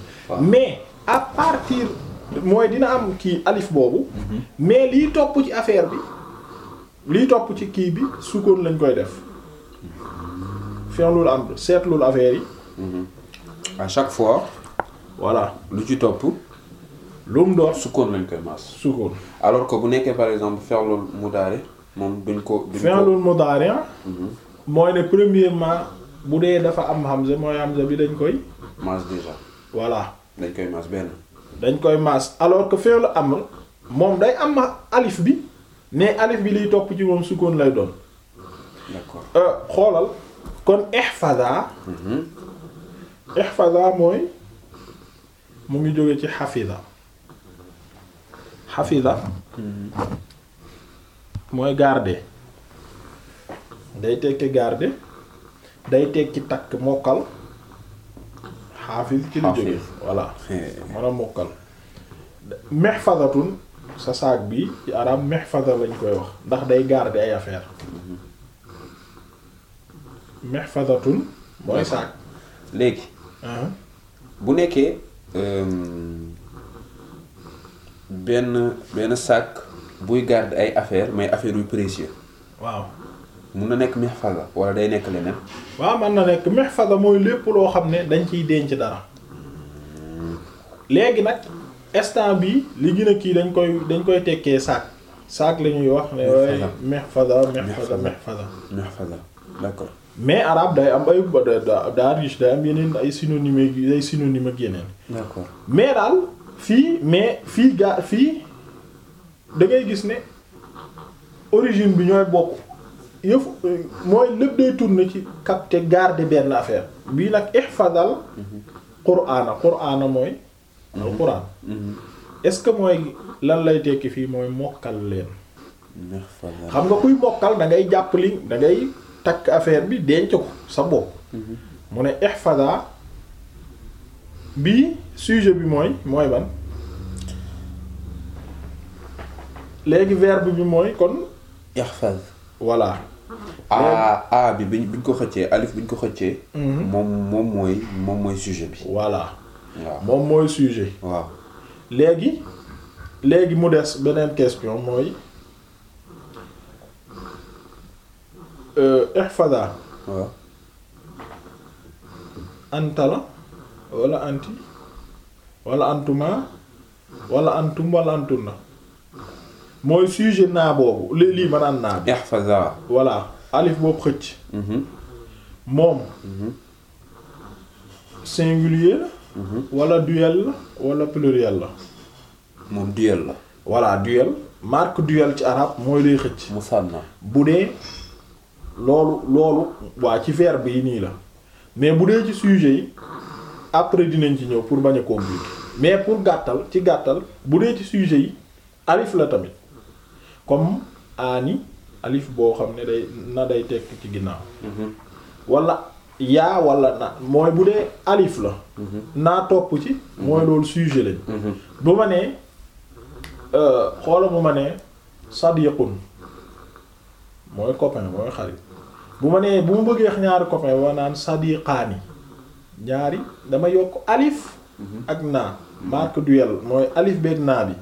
mais à partir mooy dina am kii alif boobu. Mm-hmm. mais liy topp ci affaire bi liy topp ci kii bi sukkoon lañ koy def. fexlul am seetlul affaire yi. Mhm. chaque fois. voilà lu ci topp. lu mu doon sukkoon lañ koy maas. sukkoon alors que bu nekkee par exemple mu mudaare moom duñ ko. duñ ko fexlul mudaare ah. mhm. mooy ne premièrement bu dee dafa am hamza mooy hamza bi dañ koy. mas déjà. voilà dañ koy maas benn. dañ koy mas alors que fexlu amr moom day am alif bi ne alif bi liy topp ci moom sukkoon lay doon. d'accord euh, xoolal. kon ihfaza ihfaza mooy mu ngi jóge ci xafiza xafiza mooy garde day tekki garde day tekki takk mokkal xaafiz ci la jóge voilà mën a mokkal mihfazatun sa saag bi ci arab mihfaza lañ koy wax ndax day garde ay affaire mhm. mihfadatun mooy saak léegi ah. bu nekkee euh, benn benn sac buy garde ay affaire mais affaire yu précieux waaw mun na nekk mihfaza wala day nekk leneen waaw mën na nekk mihfaza mooy lépp loo xam ne dañ ciy denc dara léegi nag instant bi li gën kii dañ koy dañ koy tekkee sac sac lañuy ñuy wax ne waaye mihfaza mihfaza mihfaza mihfaza d'accord mais arabe day am ay daa riche day am yeneen ay synonyme ay synonyme ak yeneen. d'accord mais daal fii mais fii gaa fii dangay gis ne origine bi ñooy bokk yëf mooy lépp day tourner ci capter garder benn affaire bii nag ihfadal qur'ana qur'ana mooy al mhm. qur'an mhm. est-ce que mooy lan lay tekki fii mooy mokkal leen xam nga kuy mokkal da ngay jàpp li da takk affaire bi denc ko sa bopp mhm. mu ne ihfada bi sujet bi mooy mooy ban léegi verbe bi mooy kon ihfaz voilà a a bi bi ñu ko xëccee alif bi ko xëccee mhm. moom moom mooy moom mooy sujet bi voilà waaw moom mooy sujet waaw léegi léegi mu des beneen question mooy Euh, ihfaza waaw walla la wala anti wala antuma wala antum wala antunna mooy sujet naa boobu li lii ma naan naa bi ihfaza voilà alif boobu xëcc mhm. moom mhm. singulier la mhm. wala duel la wala pluriel la moom duel la voilà duel marque duel ci arab mooy lay xëcc musanna bu dee loolu loolu waa ci verbe bii nii la mais bu dee ci sujet yi après dinañ ci ñëw pour bañ a compliquer mais pour gàttal ci gàttal bu dee ci sujet yi alif la tamit comme aani alif boo xam ne day na day tekk ci ginnaaw mhm. wala yaa wala na mooy bu dee alif la mhm. naa topp ci mooy mhm. loolu sujet lañ bu ma nee euh, xoola bu ma nee sadiqun mooy copain mooy xarit bu ma nee bu ma bëggee wax ñaari copain ma naan sadiqaani ñaari dama yokk alif mhm. ak naa marque duel mooy alif beeg naa bi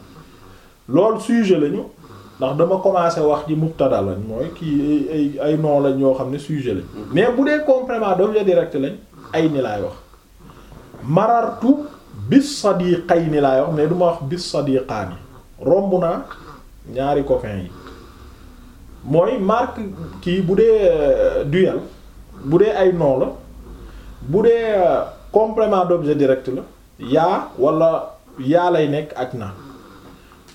loolu sujet lañu ndax dama commencé wax ji mubtada lañ mooy kii ay ay nom lañ yoo xam ne sujet lañ mhm. mais bu dee complément d'objet direct lañ ay ni laay wax marartu bis sadiqayni laay wax mais du ma wax bis sadiqaani romb naa ñaari copains yi mooy marque kii bu dee euh, duel bu dee ay nom la bu dee euh, complément d'objet direct la yaa wala yaa lay nekk ak na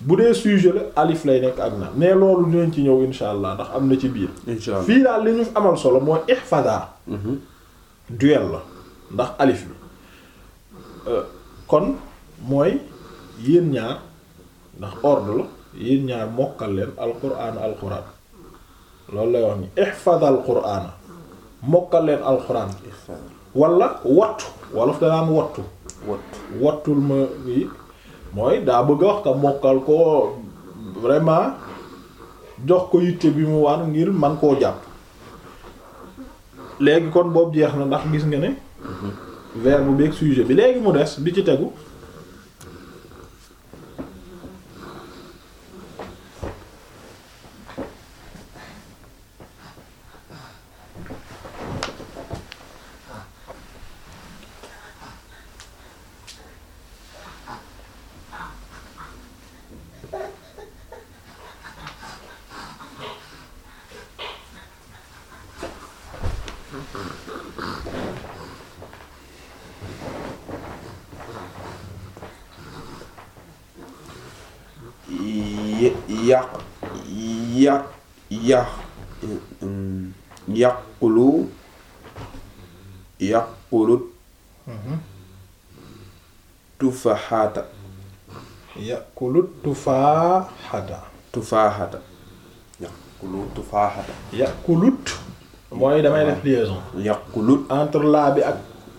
bu dee sujet la alif lay nekk ak na mais loolu dinañ ci ñëw insha allah ndax am na ci biir fii daal li ñu amal solo mooy ihfada mhm. duel la ndax alif bi euh, kon mooy yéen ñaar ndax ordre la yéen ñaar mokkal leen alquran alquran loolu la wax ni ihfazal qur'ana mokkal leen alquran wala wattu wolof danaan wattu wattul ma yi mooy daa bëgg a wax te mokkal ko vraiment jox ko yitte bi mu war ngir man koo jàpp léegi kon boobu jeex na ndax gis nga ne mhm. verbe bu ak sujet bi léegi mu des bi ci tegu tufaxaata yakulu tufaaxata tufaaxata yakulu tufaaxata yakulut mooy damay def liaison yakulut entre laa bi ak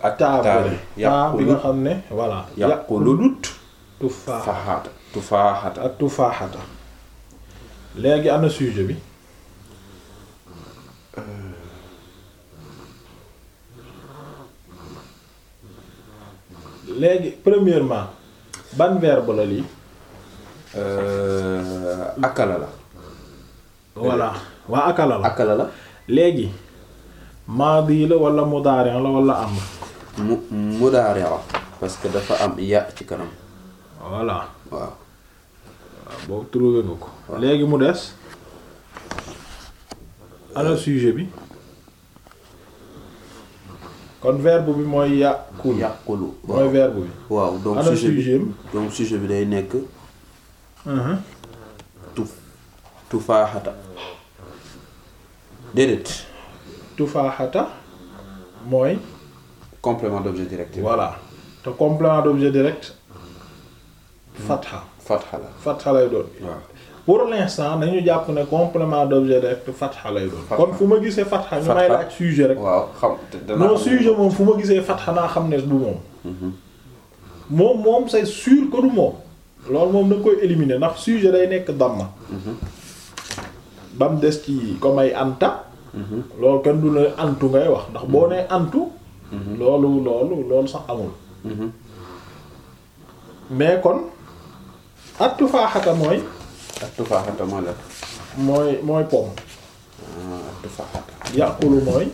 ak taab bi nga xam ne voilà yakulut tufaaxata tufaaxata ak tufaaxata léegi am na sujet bi léegi premièrement ban verbe la lii. Euh, akala la. voilà waa akala la akala la. léegi. maadi la wala mudaari la wala am. mu mudaari parce que dafa am ya ci kanam. voilà. waaw. boo trouvé nga ko. léegi mu des. ana sujet bi. kon verbe bi mooy yàqulu yàqulu mooy verbe bi waaw donc sujet bi day nekk uh-huh. tuf tufaaxata déedéet tufaaxata mooy complément d'objet direct voilà te complément d'objet direct hmm. fatxa fatxa la fatxa lay doon pour l'instant dañu jàpp ne complément d'objet direct fatxa lay doon. kon fu ma gisee fatxa ñu may laaj sujet rek. waaw xam non sujet moom fu ma gisee fatxa naa xam ne du moom. Mhm. moom moom c'est sûr que du moom. loolu moom da koy éliminer ndax sujet day nekk damma. ba mhm. des ci comme ay anta. Mhm. loolu kenn du ne antu ngay wax ndax boo nee antu. loolu loolu loolu sax amul. mais kon attu faaxata mooy. ak tufaaxata mooy la. mooy mooy pomme. ak ah, tufaaxata. yàqulu mooy.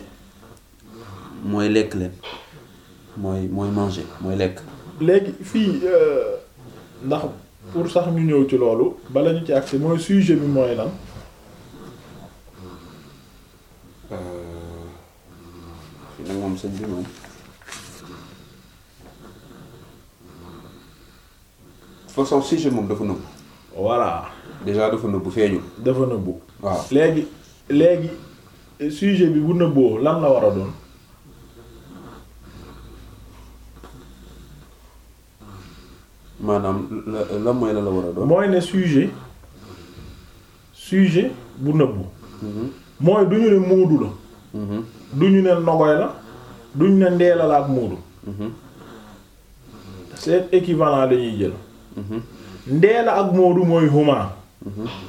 mooy lekk leen mooy mooy manger mooy lekk. léegi fii euh, ndax pour sax ñu ñëw ci loolu bala ñu ci agsi mooy sujet bi mooy lan. Euh, fii nag moom sëñ bi moom. façon dafa nëbb. voilà. déjà dafa nëbbu feeñul. dafa nëbbu. waaw léegi léegi eh, sujet bi bu nëbboo lan la war a doon. maanaam lan mooy la la war a doon. mooy ne sujet sujet bu nëbbu. Mhm. mooy du ñu ne Moodu la. Mhm. du ñu ne Nogoy la du ñu ne Ndeela la ak Moodu. Mhm. c'est équivalent dañuy jël. Ndeela ak Moodu mooy huma.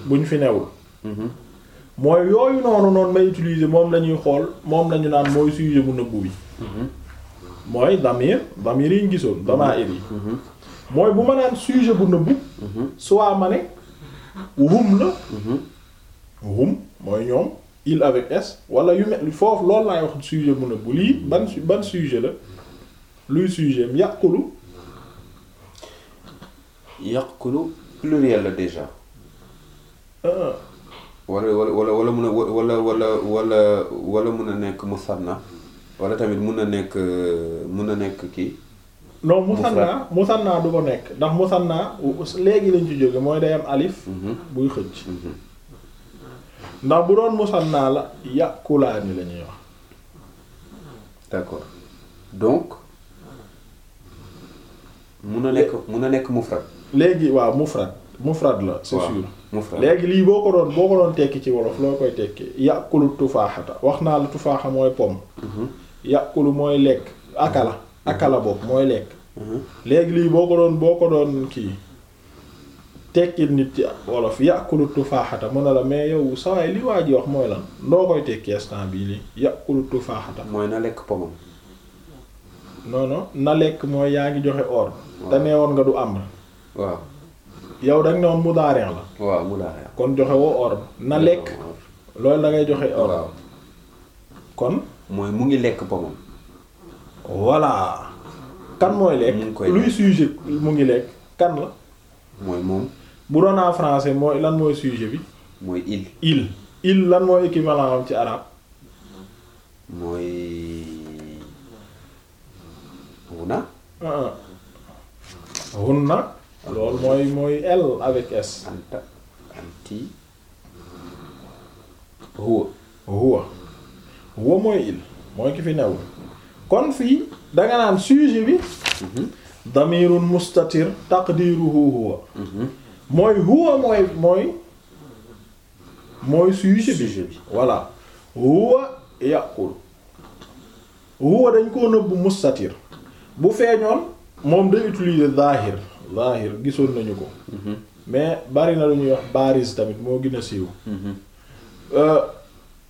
buñ fi newul mooy yooyu noonu noonu may utiliser moom la ñuy xool moom la ñu naan mooy sujet bu nëbbu bi mooy damir damir gisoon damaa mhm. ir yi mhm. mooy bu ma naan sujet bu nëbbu mhm. soit ma ne hum la hum mooy ñoom il avec s wala yu mel foofu loolu laay wax sujet bu nëbbu lii ban ban sujet la luy sujet yàqulu yàqulu pluriel la déjà wala wala wala mun a walla walla walla wala mun a nekk musanna wala tamit mun na nekk mun na nekk kii. non musanna musanna du ko nekk ndax musanna léegi lañ ci jóge mooy day am alif. Mhm. buy xëcc. Mhm. ndax bu doon musanna la yàqulaani la ñuy wax. d'accord donc mun na nekk mun na nekk mufrad. léegi waaw mufrad mufrad la. léegi lii boo ko doon boo ko doon tekki ci wolof loo koy tekki yàqulu tufaaxata wax naa la tufaaxa mooy pomme mhm. yàqulu mooy lekk akala mhm. akala bopp mooy lekk mhm. léegi lii boo ko doon boo ko doon kii tekki nit ci wolof yàqulu tufaaxata mën na la mais yow sawaay li waa ji wax mooy la ndoo koy tekki instant bii lii yàqulu tufaaxata mooy na lekk pomam noonu na lekk mooy yaa ngi joxe or te nga du am waaw yow dañ ne woon mudaare la. waaw mudaare kon joxe woo ordre. na lekk loolu da ngay joxe ordre. kon. mooy mu ngi lekk pomam. voilà. kan mooy lekk luy sujet mu ngi lekk kan la. mooy moom. bu doon en français mooy lan mooy sujet bi. mooy il. il il lan mooy équivalent am ci arabe. mooy. hunna. Ah, ah. hunna. loolu mooy mooy L avec S huwa huwa huwa mooy il mooy ki fi new kon fii danga naan sujet bi mhm. damirun mustatir taqdiruhu huwa mhm. mooy huwa mooy mooy mooy bi voilà huwa yàqul huwa dañ koo nëbb mustatir bu feeñoon moom day utiliser zahir zaahir gisoon nañu ko mhm. mais bari na lu ñuy wax baris tamit moo gën a siiw mhm. euh,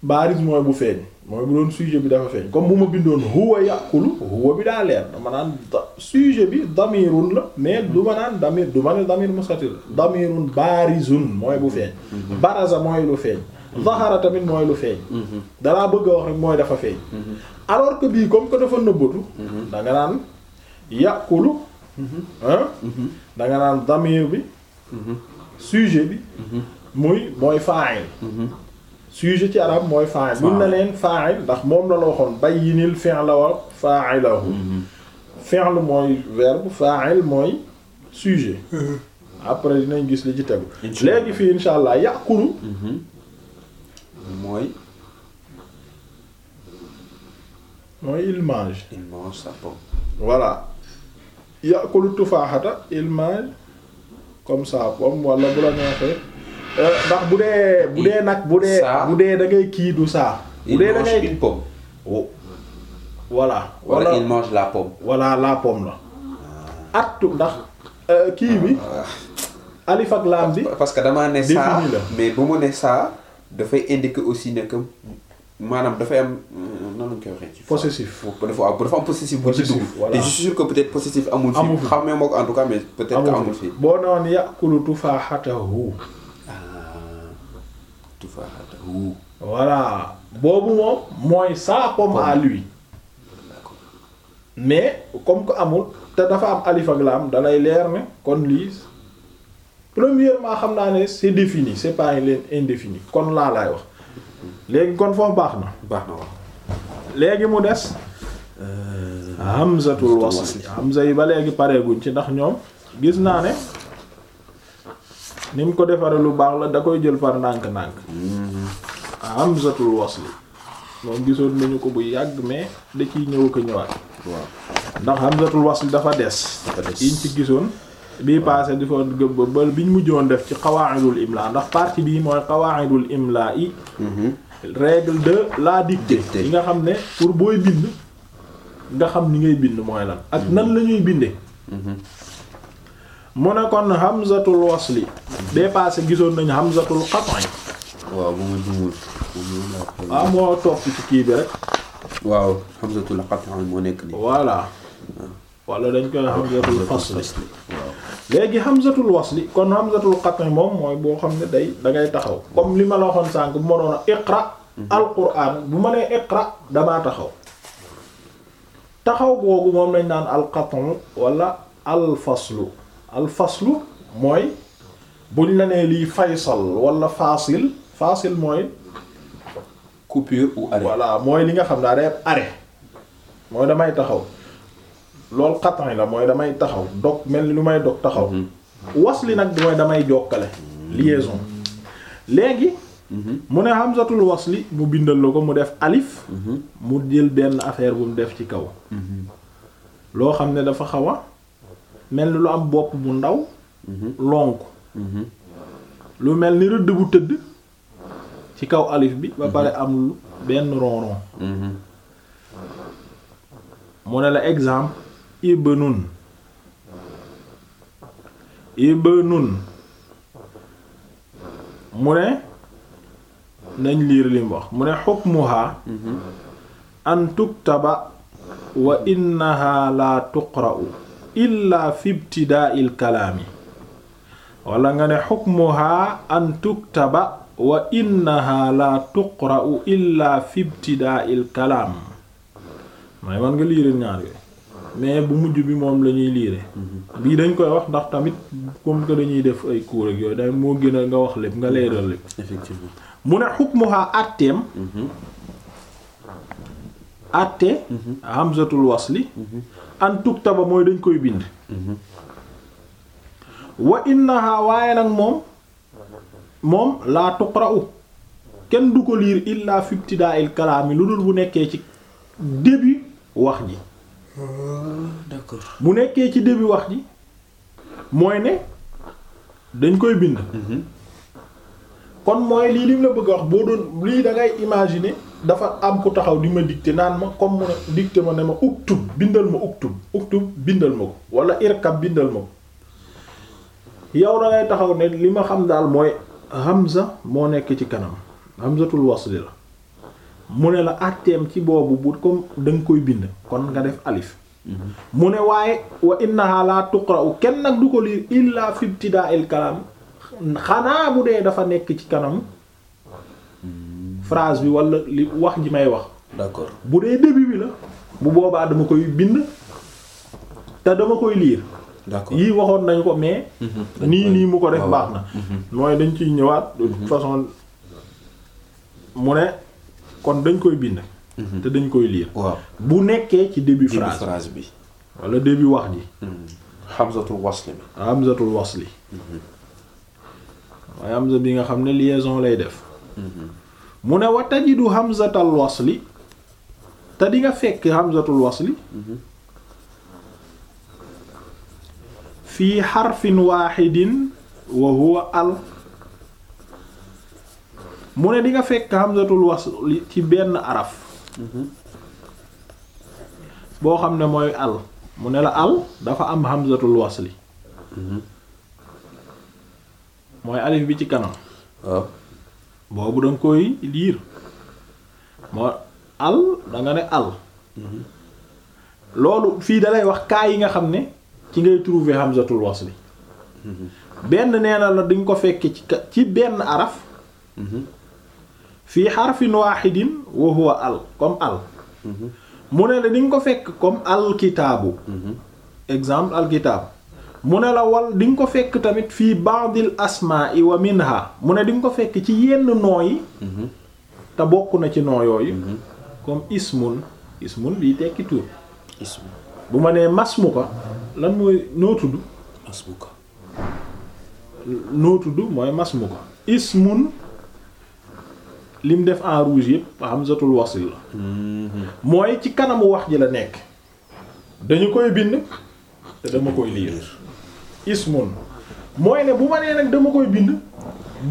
baris mooy bu feeñ mooy bu doon sujet bi dafa feeñ comme bu ma bindoon huwa yàqulu huwa bi daa leer dama naan sujet bi damirun la mais du ma naan damir du ma ne damir mustatir damirun barizun mooy bu feeñ mhm. baraza mooy lu feeñ tamit mooy lu feeñ dalaa bëgg a wax rek mooy dafa feeñ alors que bii comme que dafa nëbbatu da naan yàqulu ah da nga naan damir bi mm-hmm. sujet bi mm-hmm. muy mooy fa'il mm-hmm. sujet ci arab mooy fa'il mun na leen fa'il ndax moom la la waxoon bayyinil fi'la wa fa'ilahu fi'l mooy verbe fa'il mooy sujet après dinañ gis li ci tegu léegi fii insha allah yàqulu mooy mooy il mange sa pomme voilà yàqulu tufaaxata ilmaay comme ça pomme wala bu la neexee euh, ndax bu dee bu dee nag bu dee bu da kii du saa bu dee da pomme oh. voilà wala il mange la pomme voilà la pomme la ah. attu ndax euh, kii bi ah. alif ak laam bi parce que damaa ne saa mais bu mu ne saa dafay indiquer aussi ne maanaam dafay am euh, nan lañ waxee. possessif dafa am dafa am possessif. possessif voilà te je suis sûr que peut être possessif amul. amul fi xamee moo ko en noon yàqulu tufaaxatahu. Ah, tufaaxatahu. voilà boobu moom mooy sa pomme à lui. mais comme que amul te dafa am alif ak am dalay leer ne kon lii premièrement xam naa ne c'est défini c'est pas indéfini kon laa laay wax. léegi kon foofu baax na. baax na léegi mu des. Euh, hamzatul wasl hamza yi ba léegi pareeguñ ci ndax ñoom gis naa ne ni mu ko defaree lu baax la da koy jël par ndànk-ndànk. Mm-hmm. hamzatul wasl moom gisoon nañu ko bu yàgg mais da ciy ñëw ko ñëwaat. waaw ndax hamzatul wasl dafa des. dafa des yiñ ci gisoon. bii passé di bi ñu biñ mujjoon def ci qawaidul imla ndax partie bii mooy qawaidul imla yi mhm. règle de la dictée yi nga xam ne pour booy bind nga xam ni ngay bind mooy lan ak nan lañuy ñuy bindee mhm. mu nekkoon kon hamzatul wasli dépassé gisoon nañu hamzatul qat'i waaw bu ma jumul waaw ah, moo topp ci kii bi rek waaw hamzatul qat'i moo nekk nii voilà ah. wala dañ koy hamzatul fasli léegi hamzatul wasli kon hamzatul qat'i moom mooy boo xam ne day da ngay taxaw comme li ma la waxoon sànq bu ma doon iqra alquran bu ma nee iqra damaa taxaw taxaw boobu moom lañ naan alqat'u wala alfaslu alfaslu mooy buñ la nee lii faysal wala fasil fasil mooy coupure ou arrêt voilà mooy li nga xam daa day arrêt mooy damay taxaw loolu xatan la mooy damay taxaw dog mel ni lu may dog taxaw mhm. wasli nag mooy damay jokkale mhm. liaison léegi mhm. mu ne hamzatul wasli mu bindal la ko mu def alif mu jël benn affaire bu mu def ci kaw loo xam ne dafa xaw a mel ni lu am bopp bu ndaw lonk lu mel ni rëdd bu tëdd ci kaw alif bi ba pare am benn ronron mu ne la exemple ibnun ibnun mu ne nañ liir lim wax mu ne xukmuha an tuktaba wa innaha la tuqra'u illa fi ibtidaa'il kalaami wala nga ne xukmuha an tuktaba wa innaha la tuqra'u illa fi ibtidaa'il kalaam may man nga liir ñaar yooyu mais bu mujj bi moom lañuy ñuy liire mhm. bii dañ koy wax ndax tamit comme que dañuy def ay cours ak yooyu day moo gën a nga wax lépp nga mhm. leeral lépp effectivement mu ne hukmuha atteem mhm. atte hamzatul wasli an tuktaba mooy dañ koy bind wa innaha waaye nag moom moom laa tuqra'u kenn du ko liir illa fi ibtidaa'il kalaami lu dul bu nekkee ci début wax ji Ah, d'accord bu nekkee ci début wax ji mooy ne dañ koy bind. Mhm. kon mooy lii lim la bëgg a wax boo doon lii da ngay imaginer dafa am ku taxaw di ma dicté naan ma comme mu ne dicté ma ne ma uktub bindal ma uktub uktub bindal ma ko wala irkab bindal ma ko yow da taxaw ne li ma xam daal mooy hamza moo nekk ci kanam hamzatul wasli la. mu ne la atteem ci boobu bu ko da koy bind kon nga def alif mu ne waaye wa innaha la tuqra'u kenn nag du ko liir illa fi ibtida'il kalam xanaa bu dee dafa nekk ci kanam frase bi wala li wax ji may wax d'accord bu dee début bi la bu boobaa dama koy bind te dama koy liir d'accord yii waxoon nañu ko mais mhm. nii nii mu ko def ah, baax na mhm. mooy dañ ciy ñëwaat mhm. mu ne kon dañ koy bind. Mhm. te dañ koy liir. bu nekkee ci début phrase bi walla bi. wax ji. Mhm. hamzatul wasli. hamzatul wasli. waaye mhm. hamza bi nga xam ne liaison lay def. mu ne wa tajidu hamzatal wasli te di nga fekk hamzatul wasli. fii xarfin waaxidin wa huwa al. mu ne di nga fekk hamzatul wasl ci benn araf mhm. boo xam ne mooy àll mu ne la al dafa am hamzatul wasli mhm. mooy alif bi ci kanam waaw boobu danga koy liir moo al da ne al mhm. loolu fii dalay wax kaa yi nga xam ne ci ngay trouver hamzatul wasli benn neena la di ko fekk ci ci benn araf fii xarfin waaxidin wa huwa al comme al mu ne la di nga ko fekk comme alkitaabu exemple alkitaab mu ne la wal di nga ko fekk tamit fii ba'dil asmaa'i wa minha mu ne di nga ko fekk ci yenn nooyi te bokk na ci noo yooyu comme ismun ismun bii tekki tur bu ma nee masmuka lan mooy noo tudd masmuka noo mooy masmuka ismun li mu def en rouge yëpp hamzatul wasl la mooy ci kanamu wax ji la nekk dañu koy bind te dama koy liir ismun mooy ne bu ma nee nag dama koy bind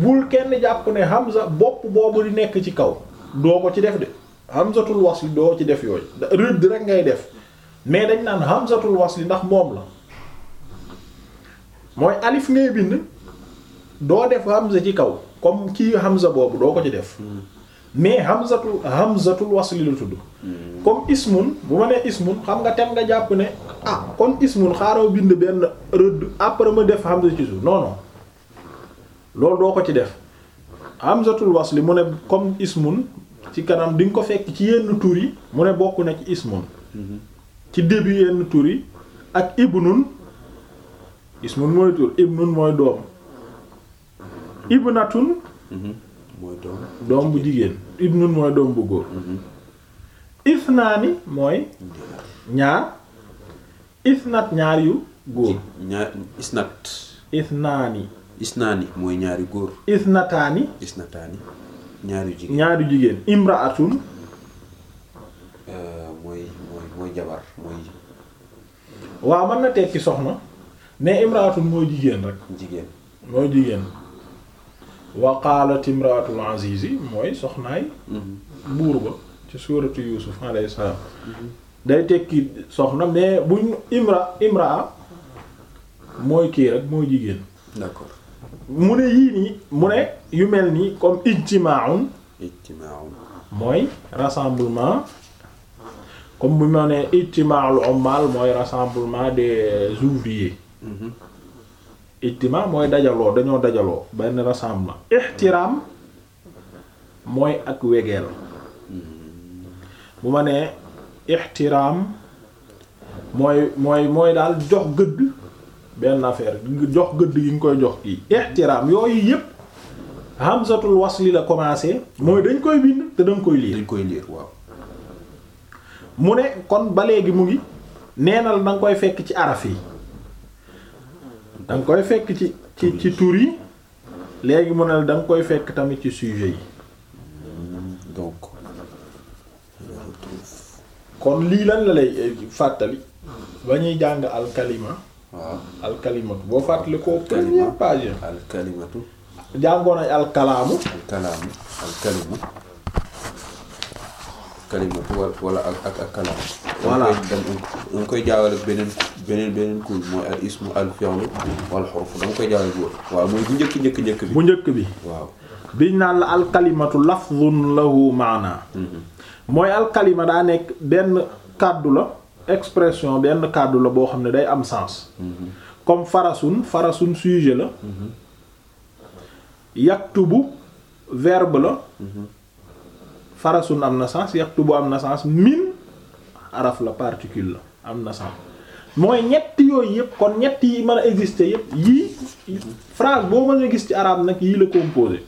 bul kenn jàpp ne hamza bopp boobu di nekk ci kaw doo ko ci def de hamzatul wasl doo ci def yooyu rëdd rek ngay def mais dañ naan hamzatul wasl ndax moom la mooy alif ngay bind doo def hamza ci kaw comme kii Hamza boobu doo ko ci def. Hmm. mais Hamzatul Hamzatul wasli la tudd. Hmm. comme ismun bu ma nee ismun xam nga tem nga jàpp ne ah kon ismun xaaroo bind benn rëdd après ma def Hamza ci su non non loolu doo ko ci def Hamzatul wasli mu ne comme ismun ci kanam di nga ko fekk ci yenn tur yi mu ne bokk na ci ismun. Hmm. ci début yenn tur yi ak ibnun ismun mooy tur ibnun mooy doom. ibnatun mhm. mooy doom bu jigéen ibnun mooy doom bu góor mhm. isnaani mooy ñaar isnat ñaar yu góor ñaar isnat isnaani isnaani mooy ñaar yu góor isnataani isnataani ñaar yu jigéen ñaar yu jigéen imraatun euh, mooy mooy mooy jabar mooy waaw mën na tekki soxna mais imraatun mooy jigéen rek mooy jigéen wa qaalat imraatul yi mooy soxnaay mhm. buur ba ci suuratu yuusuf alayhi salaam mhm. day tekki soxna mais buñ imra imraa mooy kii rek mooy jigéen d'accord mu ne yii nii mu ne yu mel nii comme ijtimaa'un ijtimaa'un mooy rassemblement comme bu ma ne ijtimaa'ul ummal mooy rassemblement des ouvriers mhm. ijtimaa mooy dajaloo dañoo dajaloo benn rassemblement ixtiraam mooy ak wegeel bu ma nee ixtiraam mooy mooy mooy daal jox gëdd benn affaire jox gëdd gi nga koy jox kii ixtiraam yooyu yépp hamzatul wasli la commencé mooy dañ koy bind te dañ koy liir dañ koy liir waaw mu ne kon ba léegi mu ngi neenal danga koy fekk ci araf yi da nga koy fekk ci ci ci tur yi léegi mu ne da nga koy fekk tamit ci sujet yi kon lii lan la lay eh, fàttali ba ñuy jàng alkalima alkalimatu boo fàttali ko première page alkalimatu jàngoon alkalaamu alkalimu kalimatu wala wala ak ak kalam. voilà da koy jaawale beneen beneen beneen kuy mooy al ismu al fi'lu wal xuruf da nga koy jaawale boobu. waaw mooy bu njëkk njëkk njëkk bi. bu njëkk bi waaw. biñ naan la al kalimatu lafzun lahu maana mhm. mooy al daa nekk benn kàddu la expression benn kàddu la boo xam ne day am sens. Mhm. comme farasun farasun sujet la. Mhm. yaktubu verbe la. farasun am na sens yaxtubu am na sens min araf la particule la am na sens mooy ñett yooyu yëpp kon ñett yi mën a exister yëpp yii phrase boo mën a gis ci arabe nag yii la composé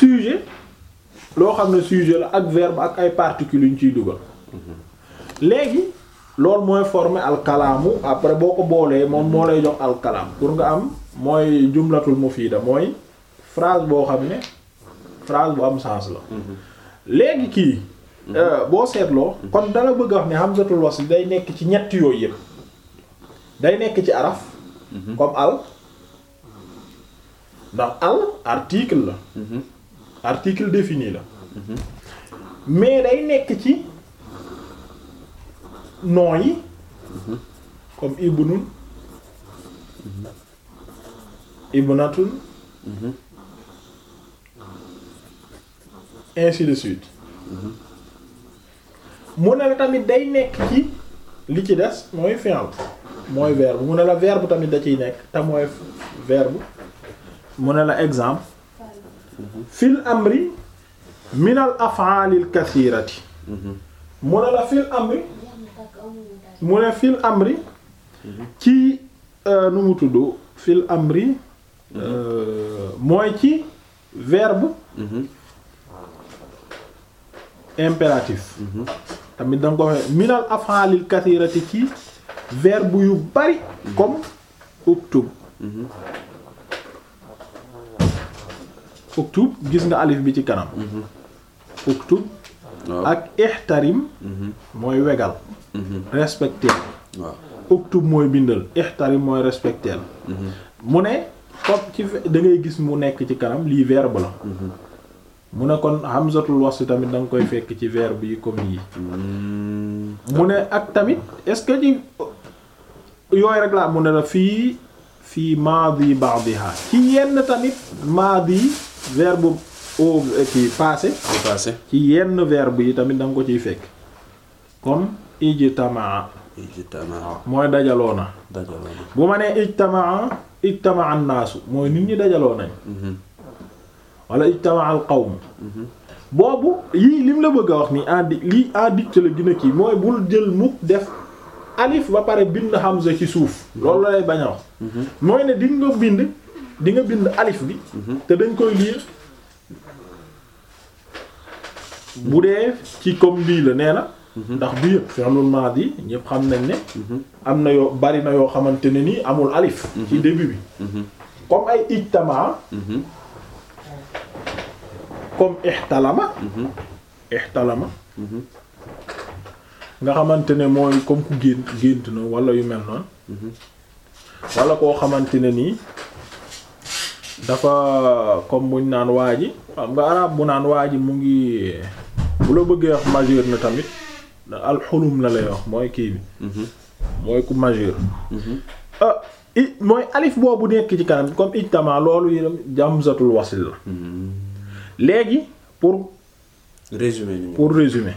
sujet loo xam ne sujet la ak verbe ak ay particules yuñ ciy dugal léegi loolu mooy former alkalaamu après boo ko boolee moom moo lay jox alkalaam pour nga am mooy jumlatul mufiida mooy frase boo xam ne phrase bu am sens la mhm. léegi kii mhm. euh, boo seetloo kon mhm. dala bëgg a wax ne hamzatul wasl day nekk ci ñett yooyu yëpp day nekk ci araf mhm. comme al ndax al article la article défini la mais day nekk ci nom yi comme ibnun ibnatun ainsi de suite mu ne la tamit day nekk ci li ci des mooy fi'l mooy verbe mu ne la verbe tamit da ciy nekk te mooy verbe mu ne la exemple fil amri minal af'alil kathirati mu ne la fil amri mu ne fil amri ci euh, nu mu tudd fil amri euh, mooy ci verbe impératif mhm. tamit da nga ko waxee minal af'alil ci verbe yu bari mhm. comme mhm. uktub gis nga alif bi ci kanam uktub ak ihtarim mooy wegal respecter waaw uktub mooy bindal ihtarim mooy respecter mu ne comme ci da gis mu nekk ci kanam lii verbe la mu ne kon hamzatul wasl tamit danga koy fekk ci verbe yi comme yi mu ne ak tamit est-ce que ci yooyu rek laa mu ne la fii fii maadi ba'diha ci yenn tamit maadi verbe au ci passé ci yenn verbe yi tamit da ko ciy fekk kon ijtamaa ijtamaa mooy dajaloo na dajaloo na bu ma nee ijtamaa ijtamaa an naasu mooy nit ñi dajaloo nañ mhm. wala ijtama al qawm boobu yii lim la bëgg a wax ni en ah, di lii en ah, dictée la gën kii mooy bul jël mu def alif ba pare bind sa ci suuf loolu lay bañ a wax mooy ne di bind di nga bind alif bi te dañ koy liir bu dee ci comme bii la nee na ndax bi yëpp fi'lul maadi ñëpp xam nañ ne am na bari na yoo xamante ne nii amul alif ci début bi comme ay ijtama comme ihtalama mhm. ihtalama mhm. nga xamante ne mooy comme ku gént gént na wala yu mel noonu mhm. wala koo xamante ne nii dafa comme buñ naan waa ji xam nga arab bu naan waa ji mu ngi bu la bëggee wax na tamit alxulum la lay wax mooy kii bi mooy ku majeur ah i mooy alif boobu nekk ci kanam comme ijtama loolu yi dem wasil la léegi pour. résumer pour résumer.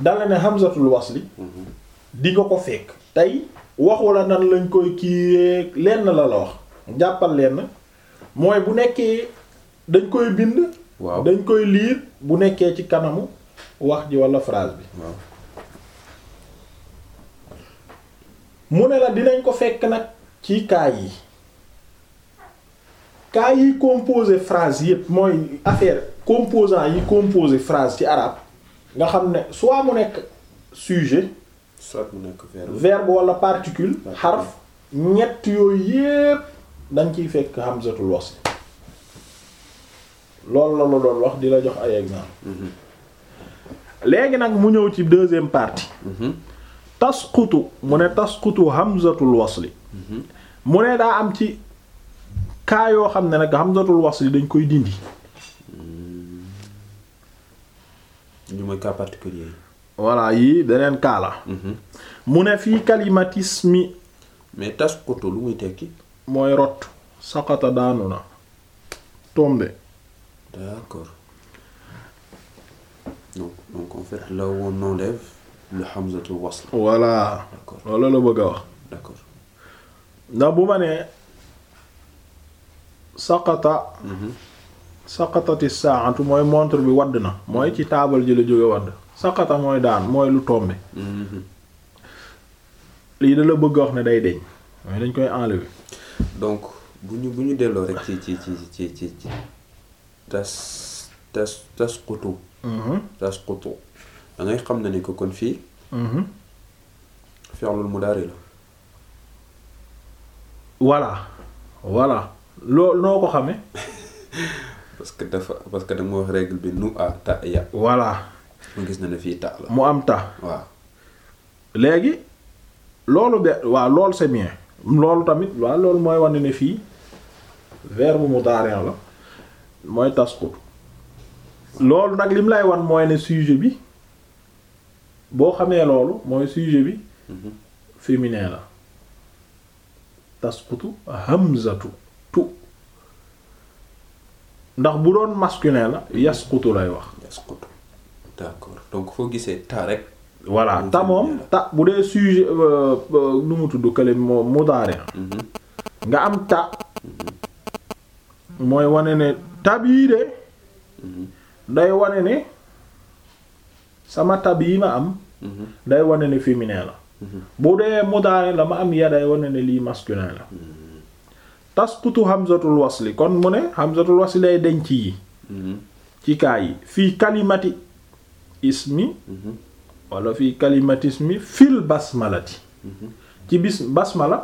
dala ne hamzatul wasli. di nga ko fekk. tey waxu la nan lañ koy kii lenn la la wax. jàppal lenn mooy bu nekkee dañ koy bind. waaw dañ koy liir bu nekkee ci kanamu wax ji walla phrase bi. mu ne la dinañ ko fekk nag ci kaay yi. kaa yi composer phrase yépp mooy affaire composant yi composer phrase ci arabe nga xam ne soit mu nekk sujet soit mu nekk verbe verbe wala particule xarf ñett yooyu yépp dañ ciy fekk hamzatul wasl loolu la la doon wax di la jox ay exemple mhm. léegi nag mu ñëw ci deuxième partie mhm. tasqutu mu ne tasqutu hamzatul wasli mhm. mu ne daa am ci kaa yoo xam ne nag hamzatul wasl dañ koy dindi. ñu mooy cas particulier. yii beneen kaa mhm. mu ne fii mi mais tasqutu lu muy tekki. mooy rot. saqata daanu na. tombé. d'accord. donc donc en fait la bëgg a wax. ndax bu ma nee. saqata saqatati saa'atu mooy montre bi wadd na mooy ci taabal ji la jóge wadd saqata mooy daan mooy lu tombe lii da la bëgg wax ne day deñ mooy dañ koy enlever donc bu ñu bu ñu delloo rek ci ci ci ci ci tas tas tasqutu mhm. tasqutu da ngay xam na ni ko kon fii mhm. fi'lul mudaari la voilà voilà loolu noo ko xamee. parce que dafa parce que da nga wax règle bi nu a ta ya. voilà. mu gis na ne fii ta la. mu am ta. waaw. léegi. loolu de waaw loolu c'est bien. loolu tamit waaw loolu mooy wane ne fii verbe mudari' la mooy tasqut. loolu nag lim lay wan mooy ne sujet bi boo xamee loolu mooy sujet bi. Mhm. féminin la. tasqutu hamzatu. ndax bu doon masculin la mhm. yasqutu lay wax. yasqutu d'accord foo gisee ta rek. voilà ta moom bu dee sujet euh, euh, nu mu tudd kële moom mudaare. Mhm. nga am ta. mooy wane ne tab yii de. Mhm. day wane ne sama tab yi ma am. day wane ne féminin la. bu dee mudaare la ma am ya day wane ne lii masculin la. tasqutu hamzatul wasli kon mu ne hamzatul wasli lay denc yi mhm. ci kaa yi fii kalimati ismi mhm. wala fii kalimati fil basmalati mhm. ci bis basmala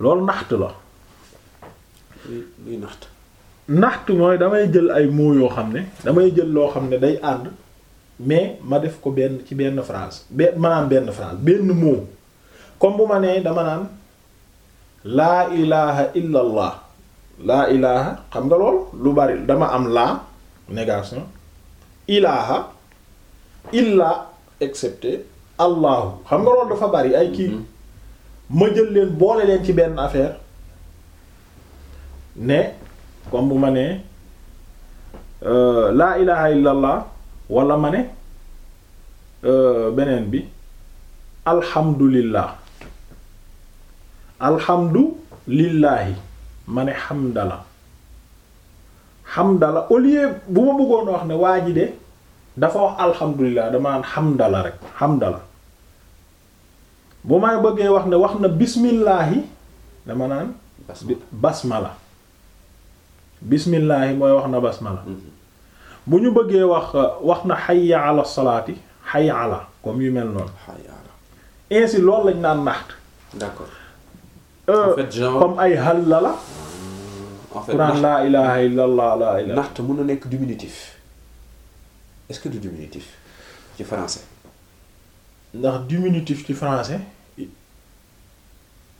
loolu naxt la luy naxt mooy damay jël ay mots yoo xam ne damay jël loo xam ne day ànd mais ma def ko benn ci benn phrase be ma naan benn phrase benn mot comme bu ma nee dama naan laa ilaha illa allah laa ilaha xam nga lool lu bari dama am laa négation ilaha illa excepté allahu xam nga loolu dafa bari ay kii mm-hmm. ma jël leen boole leen ci benn affaire ne comme bu ma nee euh, laa ilaha illa allah wala ma ne euh, beneen bi alhamdulillah alhamdu lillaahi ma ne xamdala xamdala au lieu bu ma bëggoon wax ne waa jii de dafa wax alhamdulilah dama naan xamdala rek xamdala bu may bëggee wax ne wax na bismillaahi dama naan basmala bismillaahi mooy wax na basmala bu ñu bëggee wax wax na xayya ala salaati xayya ala comme yu mel noonu ainsi loolu lañ naan naxt Euh, en fait genre comme ay hal la la. en fait laa ilaaha illallah laa ilaaha. naxt mën na nekk diminutif est-ce que du diminutif ci français. ndax diminutif ci français.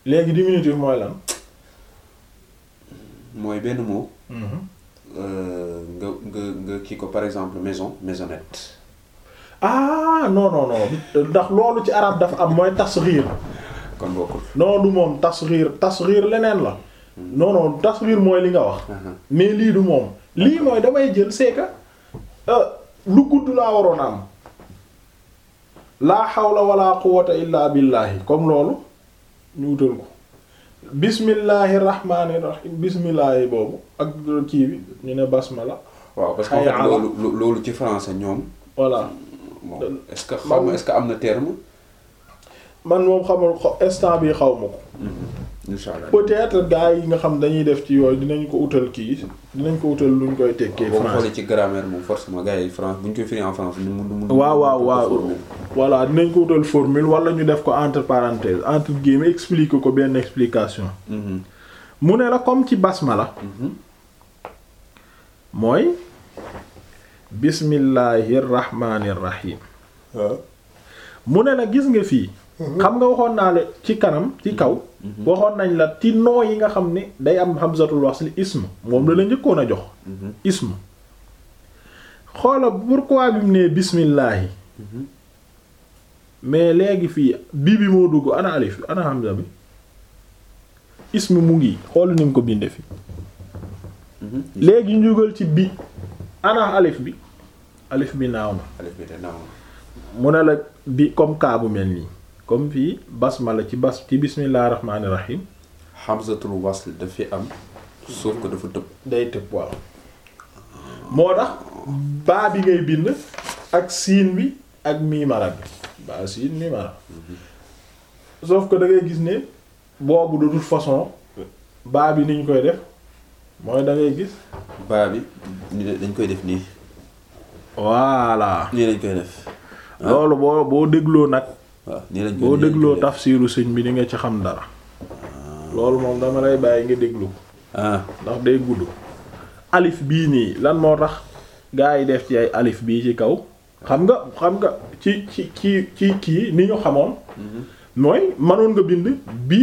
léegi diminutif mooy lan. mooy benn mot. Mhm. Euh, nga nga nga kii ko par exemple maison maisonnette. ah non non ndax loolu ci arabe dafa am mooy tasghir kon bokkul moom tasxiir tasxiir leneen la. Hmm. non non tasxiir mooy li nga wax. mais lii du moom. lii mooy damay jël c'est que euh, lu gudd laa waroon a am. laa xawla wala quwwata illaa billaahi comme loolu ñu wutal ko bismillaahi rahmaani bismillaahi boobu ak kii bi ñu ne basmala. waaw parce que loolu loolu ci français ñoom. walla bon est-ce que xam est-ce am na terme. man moom xamul instant bi xaw ma ko. Mm-hmm. incha allah peut gars yi nga xam dañuy def ci yooyu dinañ ko utal kii dinañ ko utal luñ koy tekkee. France boo xoolee ci grammaire moom forcément gars yi France buñ koy firi en France ni mu mun. waaw waaw waaw voilà dinañ ko utal formule wala ñu def ko entre parenthèses entre guillemets explique ko benn explication. Mm-hmm. mu ne la comme ci basmala. Mm-hmm. mooy. bismillahir rahmanir rahim. Ah. mu ne la gis nga fii. Mm-hmm. xam nga waxoon naa la ci kanam ci kaw. Mm-hmm. waxoon nañ la ci noo yi nga xam ne day am hamzatul wasl ism moom la la njëkkoon a jox. Mm-hmm. ism xoola pourquoi bi mu nee bismillahi mais léegi fii bii bi moo dugg ana alif bi ana mu ngi xool ni ko bindee fi léegi jógal ci bi ana alif bi alif bi naaw na. alif na. la bi comme cas mel nii. comme fii bas basmala ci bas ci bismillahir rahmanir rahim hamzatul wasl dafay am sauf que dafa tëb day tëb waaw moo tax baa bi ngay bind ak siin bi ak miimara bi baa siin miimara sauf que da gis ne boobu de toute façon baa bi ni ñu koy def mooy da gis baa bi ni dañ koy def nii voilà loolu boo boo dégloo nag waaw nii lañ boo dégloo tafsiru siñ bi di nga ci xam dara. loolu moom dama lay bàyyi nga déglu ah ndax day gudd. alif bii nii lan moo tax gaa yi def ci ay alif bii ci kaw. xam nga xam nga ci ci ci ci kii ni ñu xamoon. Mhm. mooy manoon nga bind bi.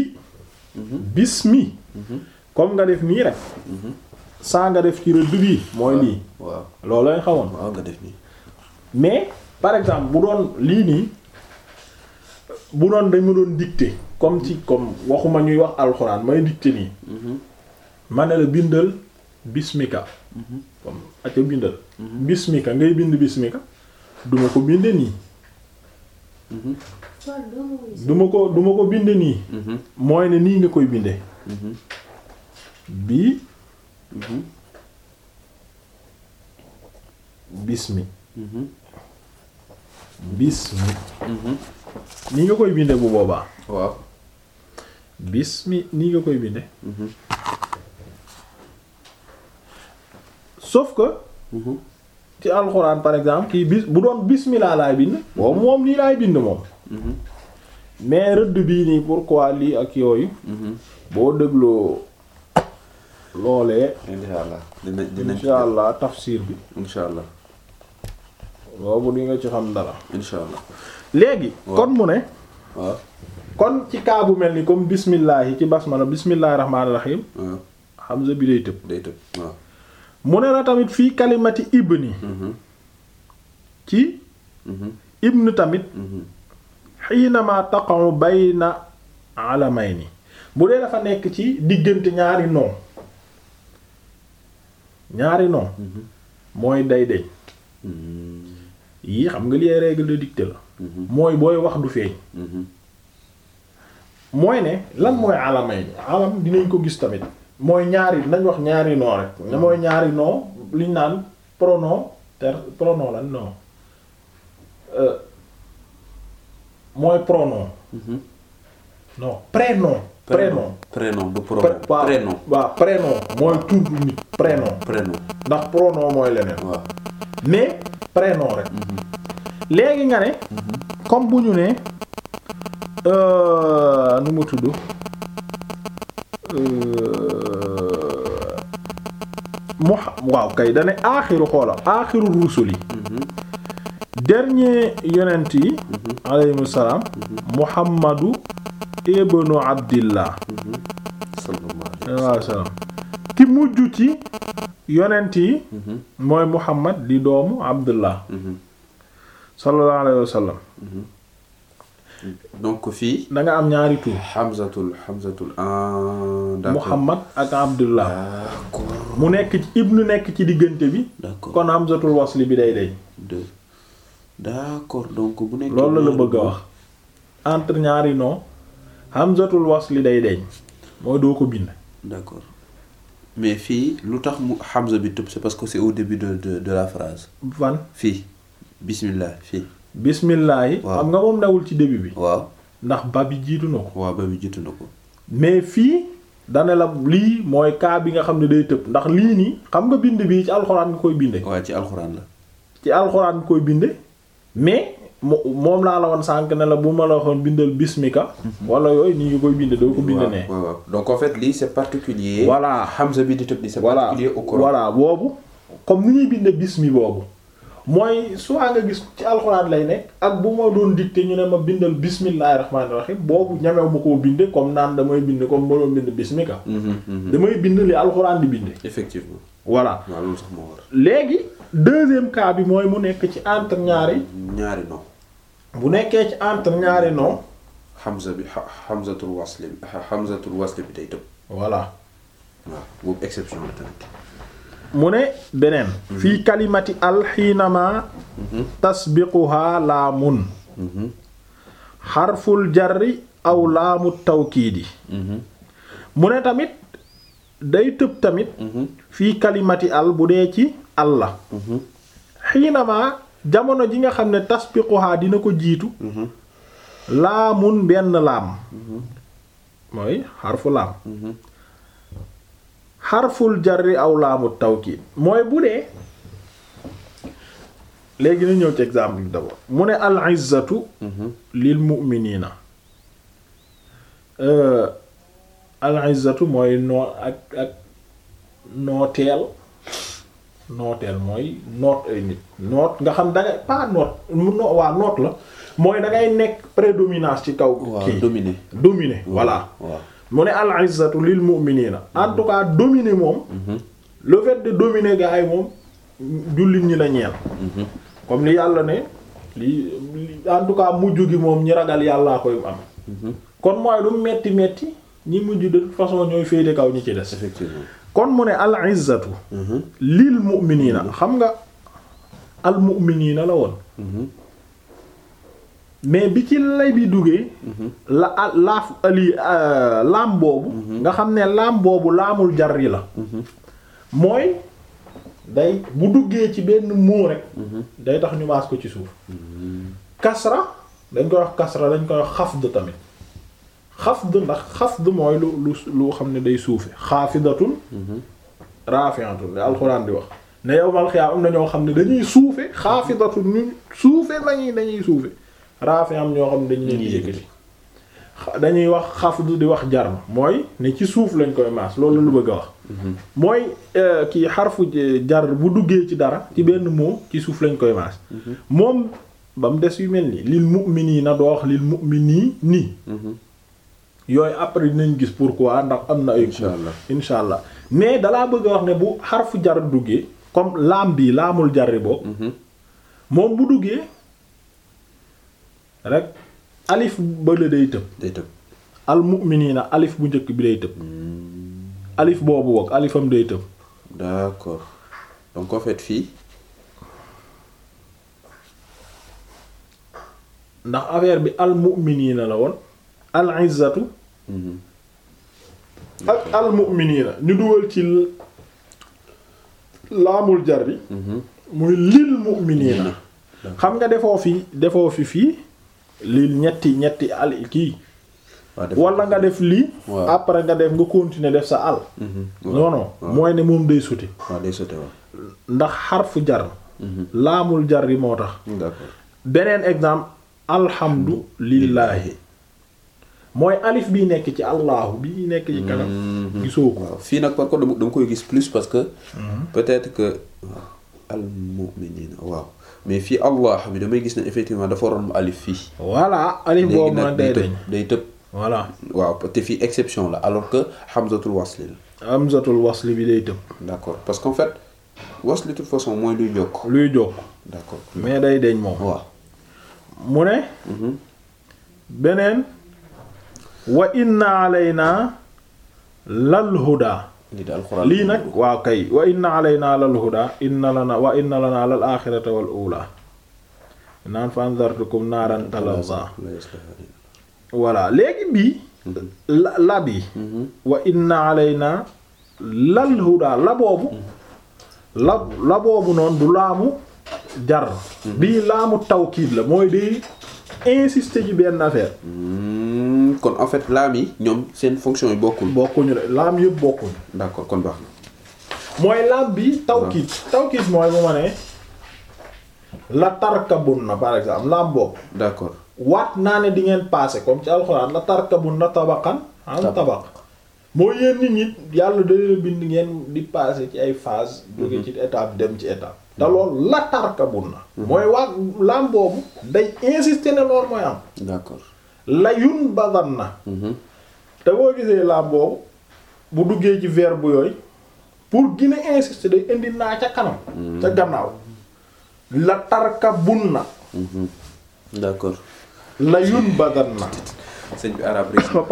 Mhm. bismi. Mhm. comme nga def nii rek. saa nga def ci rëdd bii. mooy lii. Ah, waaw loolu lañ xamoon. mais par exemple bu doon lii nii. bu doon dañ ma doon dicter comme ci comme waxuma ñuy wax alxuraan may dicter nii mhm. ma la bindal bismika mhm. comme aca bindal mhm. bismika ngay bind bismika duma ko binde nii duma ko duma ko binde nii mooy ne nii nga koy binde bii bismi bismi ni nga koy binde bu boobaa waaw bismi ni nga koy binde mhm. sauf que mhm. ci alxuraan par exemple kii bis bu doon bismillah laay bind boobu moom nii laay bind moom mhm. mais rëdd bii nii pourquoi lii ak yooyu boo dégloo loolee insha allah dina insha allah tafsir bi insha allah boobu di nga ci xam dara insha allah léegi kon mu ne kon ci kaa bu mel ni comme bismillaahi ci basmala bismillaahi rahmaani rahim hamza bi day tëb day tëb mu ne na tamit fii kalimati ibni mm-hmm. ci mm-hmm. ibnu tamit mm-hmm. xiinama taqa'u bayna alamayni bu dee dafa nekk ci diggante ñaari noon ñaari noon mooy day deñ yii xam nga liy règle de la mhm. mooy booy wax du feeñ mhm. mooy ne lan mooy alamay alam dinañ ko gis tamit mooy ñaari nañ wax ñaari noo rek mhm. ñaari noo liñ naan pronom ter pronom lan euh, mooy pronom non prénom prénom prénom du pronom prénom waaw prénom mooy tur nit prénom ndax pronom mooy leneen mais prénom léegi nga ne comme bu ñu ne euh, nu mu tudd euh, mu waaw kay dane aaxiru xoolal aaxiru rusul yi dernier yonent yi aleyhum salaam muhammadu ibnu abdillah waaw salaam ki mujj ci yonent yi mhm. mooy Muhammad di doomu Abdullah mhm. sallallahu alayhi wa sallam mhm. donc fii am ñaari tur Hamzatul Hamzatul ah, Muhammad ak Abdullah mu nekk ci ibnu nekk ci diggante bi kon Hamzatul bi day day d'accord donc bu loolu la bëgg a wax entre ñaari noo Hamzatul wasli day day mooy doo ko bind mais fii lu tax mu hamza bi tëb c'est parce que c'est au début de de de la phrase. fan fii bismillah fii. bismillah yi. waaw xam nga moom dawul ci début bi. waaw ndax ba bi jiitu na ko. waaw ba bi jiitu na ko. mais fii dana lii mooy kaa bi nga xam ne day tëb ndax lii nii xam nga bind bii ci alxuraan nga koy binde. waaw ci alxuraan la. ci alxuraan nga koy binde mais moom laa la woon sànq ne la bu ma la waxoon bindal bismika mhm. wala yooyu ni ñu koy binde doo ko bind ne donc bi di tëb c'est particulier au Coran boobu comme ni ñuy binde bismi boobu mooy su nga gis ci alxuraan lay nekk ak bu ma doon dicté ñu ne ma bindal bismillahir rahmanir rahim boobu ñamew ma koo binde comme naan damay bind comme ma doon bind bismika mhm, mhm. damay bind li alxuraan di binde effectivement léegi deuxième cas bi mooy mu nekk ci entre ñaari ñaari non bu nekkee ci entre ñaari noom hamza bi hamzatul voilà mu ne beneen mhm. fii kalimati al xiinama mhm. tasbiquha laamun mhm. xarful jarri aw laamu tawkiidi mu ne tamit day tëb tamit fii kalimati al bu dee ci al la jamono ji nga xam ne tasbiquha dina ko jiitu mhm. laamun benn laam mhm. mooy xarfu laam mhm. xarful jarri aw laamu tawkiid mooy bu dee léegi na ñëw ci example bi d'abord mu ne al izzatu lil mu'minina euh, al mooy noo ak ak nooteel nooteel mooy noot ay nit noot nga xam da nga pas noot waa noot la mooy da ngay nekk prédominance ci kaw kii dominer dominer voilà mu ne al izzatu lil mu'minina mhm. en tout cas dominer moom mhm. le fait de dominer gaa moom jullit ñi la ñeel mhm. comme li yàlla ne li en tout cas mujj gi moom ñi ragal yàllaa koy am kon mooy lu metti metti ñi mujj de toute façon ñooy féete kaw ñi ci des effectivement kon mu ne al izzatu mhm. lil mu'minina xam nga al mu'minina la woon mhm. mais bi ci lay bi duggee mhm. la laaf ali euh, laam boobu nga xam ne laam boobu laamul jarri la mooy day bu duggee ci benn muu rek day tax ñu maas ko ci suuf kasra dañ koy wax kasra dañ koy wax xafd tamit xafd ndax xafd mooy lu lu xam ne day suufe xaafidatun mhm. rafi'atun la alxuraan di wax ne yowmal xiyaam am na ñoo xam ne dañuy suufe xaafidatun ñu suufe lañuy dañuy suufe rafi am ñoo xam ne dañu leen di yëkkati dañuy wax xafd di wax jarm mooy ne ci suuf lañ koy maas loolu lu bëgg a wax mhm. mooy euh, kii xarfu jar bu duggee ci dara ci mhm. benn moo ci suuf lañ koy maas moom ba mu des yu mel nii lil mu'mini na doo wax lil mu'mini nii yooyu après dinañ gis pourquoi ndax am na ay allah incha mais dalaa bëgg a wax ne bu xarfu jar duggee comme laam bii laamul jarri boobu mhm. moom bu duggee rek alif bala day tëb tëb al mu'minina alif bu njëkk bi day tëb hmm. alif boobu boog alifam day tëb d'accord donc en fait fii ndax affaire bi al mu'minina la woon al izzatu mm-hmm. ak al ñu dugal ci laamul jar bi mm-hmm. muy lil mu'minina mm-hmm. xam nga defoo fi defoo fi fii lil ñetti ñetti al kii wala nga def lii après nga def nga continuer def sa al non mooy ne moom day sute day ndax xarfu jar laamul jar yi moo tax beneen exemple alhamdu lillahi mooy alif bi nekk ci allahu bi nekk ci kanam. Mhm. gisoo ko waaw fii nag par contre dama koy gis plus parce que. Mhm. peut-être que al mu'minina waaw mais fii allah bi damay gis ne effectivement dafa waroon alif fii. voilà alif boobu nag day voilà waaw te fii exception la alors que hamzatul wasli la. hamzatul wasli bi day tëb. d'accord parce qu'en fait wasli de façon mooy luy jokk. luy jokk. mais day deñ moom. waaw mu ne. Mhm. beneen. wa inna lii nag waaw kay wa inna alaynaa lal huda inna lana aaxirata wal uulaa naan fa anzartukum naaran talazaa voilà léegi bii la wa inna alaynaa lal huda la boobu la la boobu noonu du laamu jar bii laamu tawkiid la mooy di insister ci benn affaire kon en fait laam yi ñoom seen fonction yi bokkul. bokkuñu de laam yëpp bokkul. d'accord kon baax na. mooy laam bi taw tawkiit mooy bu ma ne la tarkabun na par exemple laam boobu. d'accord waat naa ne dingeen ngeen comme ci alxuraan la tarkabun na tabaqan an tabaq moo yéen nit ñi yàlla da leen bind ngeen di passé ci ay phase jóge mhm. ci étape dem ci étape te loolu la tarkabun na mhm. mooy waat laam boobu day insister ne loolu mooy am layun badan na mhm. te boo gisee laa boobu bu duggee ci verbe yooyu pour gën a insister indi naa ca kanam mhm. ca gannaaw la tarkabun na mhm. d'accord layun badan na sëñ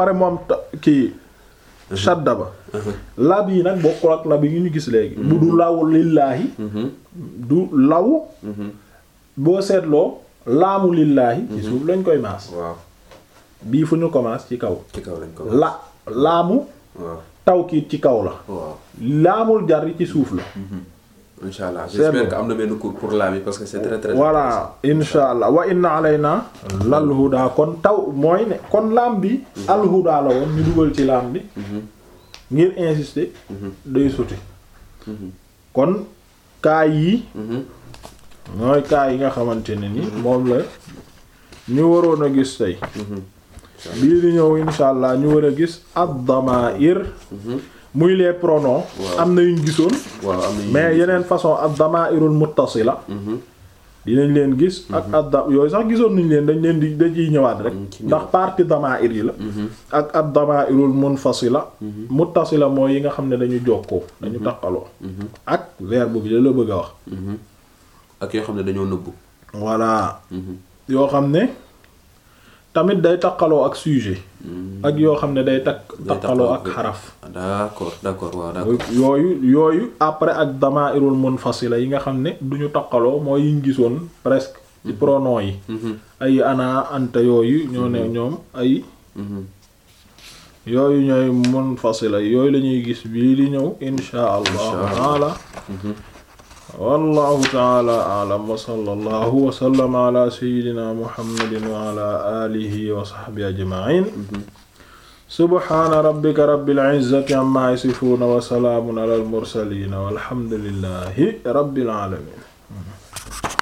pare moom ki shadda ba lab yi nag bokkul ak lab yi ñu gis léegi bu du law lillaahi du law boo seetloo laamu lillaahi ci suuf lañ koy maas bii fu ñu commence ci kaw. ci kaw lañ la laamu. taw tawkiit ci kaw la. waaw laamul jar yi ci suuf la. Mm-hmm. incha allah j'espère que am na benn cours pour laam yi que c'est voilà incha allah wa inna alayna. lal hudaa kon taw mooy ne kon laam bi. Mm-hmm. al hudaa la woon ñu dugal ci laam bi. Mm-hmm. ngir insister. day sauter. kon kaa yi. mooy kaa yi nga xamante ne ni. moom la ñu waroon a gis tey. bii di ñëw insha allah ñu war a gis ad-damair mhm. muy les pronoms am na yuñ gisoon mais yeneen façon ad-damairul la mhm. dinañ leen gis mhm. ak adda yooyu sax gisoon nañ leen dañ leen di yi ñëwaat rek ndax partie damair yi la ak ad-damairul munfasila muttasila mooy yi nga xam ne dañu jokkoo dañu taqaloo ak verbe bi la la bëgg a wax ak yoo xam ne dañoo nëbbu voilà yoo xam ne tamit day takkaloo ak sujet hmm. ak yoo xam ne day takk takkaloo ak xaraf d'accord d'accord waaw yooyu yooyu après ak mën munfasila yi nga xam ne duñu takkaloo mooy yiñ gisoon presque ci hmm. pronom yi hmm. ay ana anta yooyu ñoo ne ñoom ay yooyu ñooy munfasila yooyu lañuy gis bii li ñëw insha allah taala wallahu taala alam wa sallallahu wa sallama ala sayyidina muhammadin wa ala alihi wa sahbihi ajma'in subhaana rabbika rabbil izzati amma yasifuuna wa salaamun ala al mursaliin walhamdulillahi rabbil alamin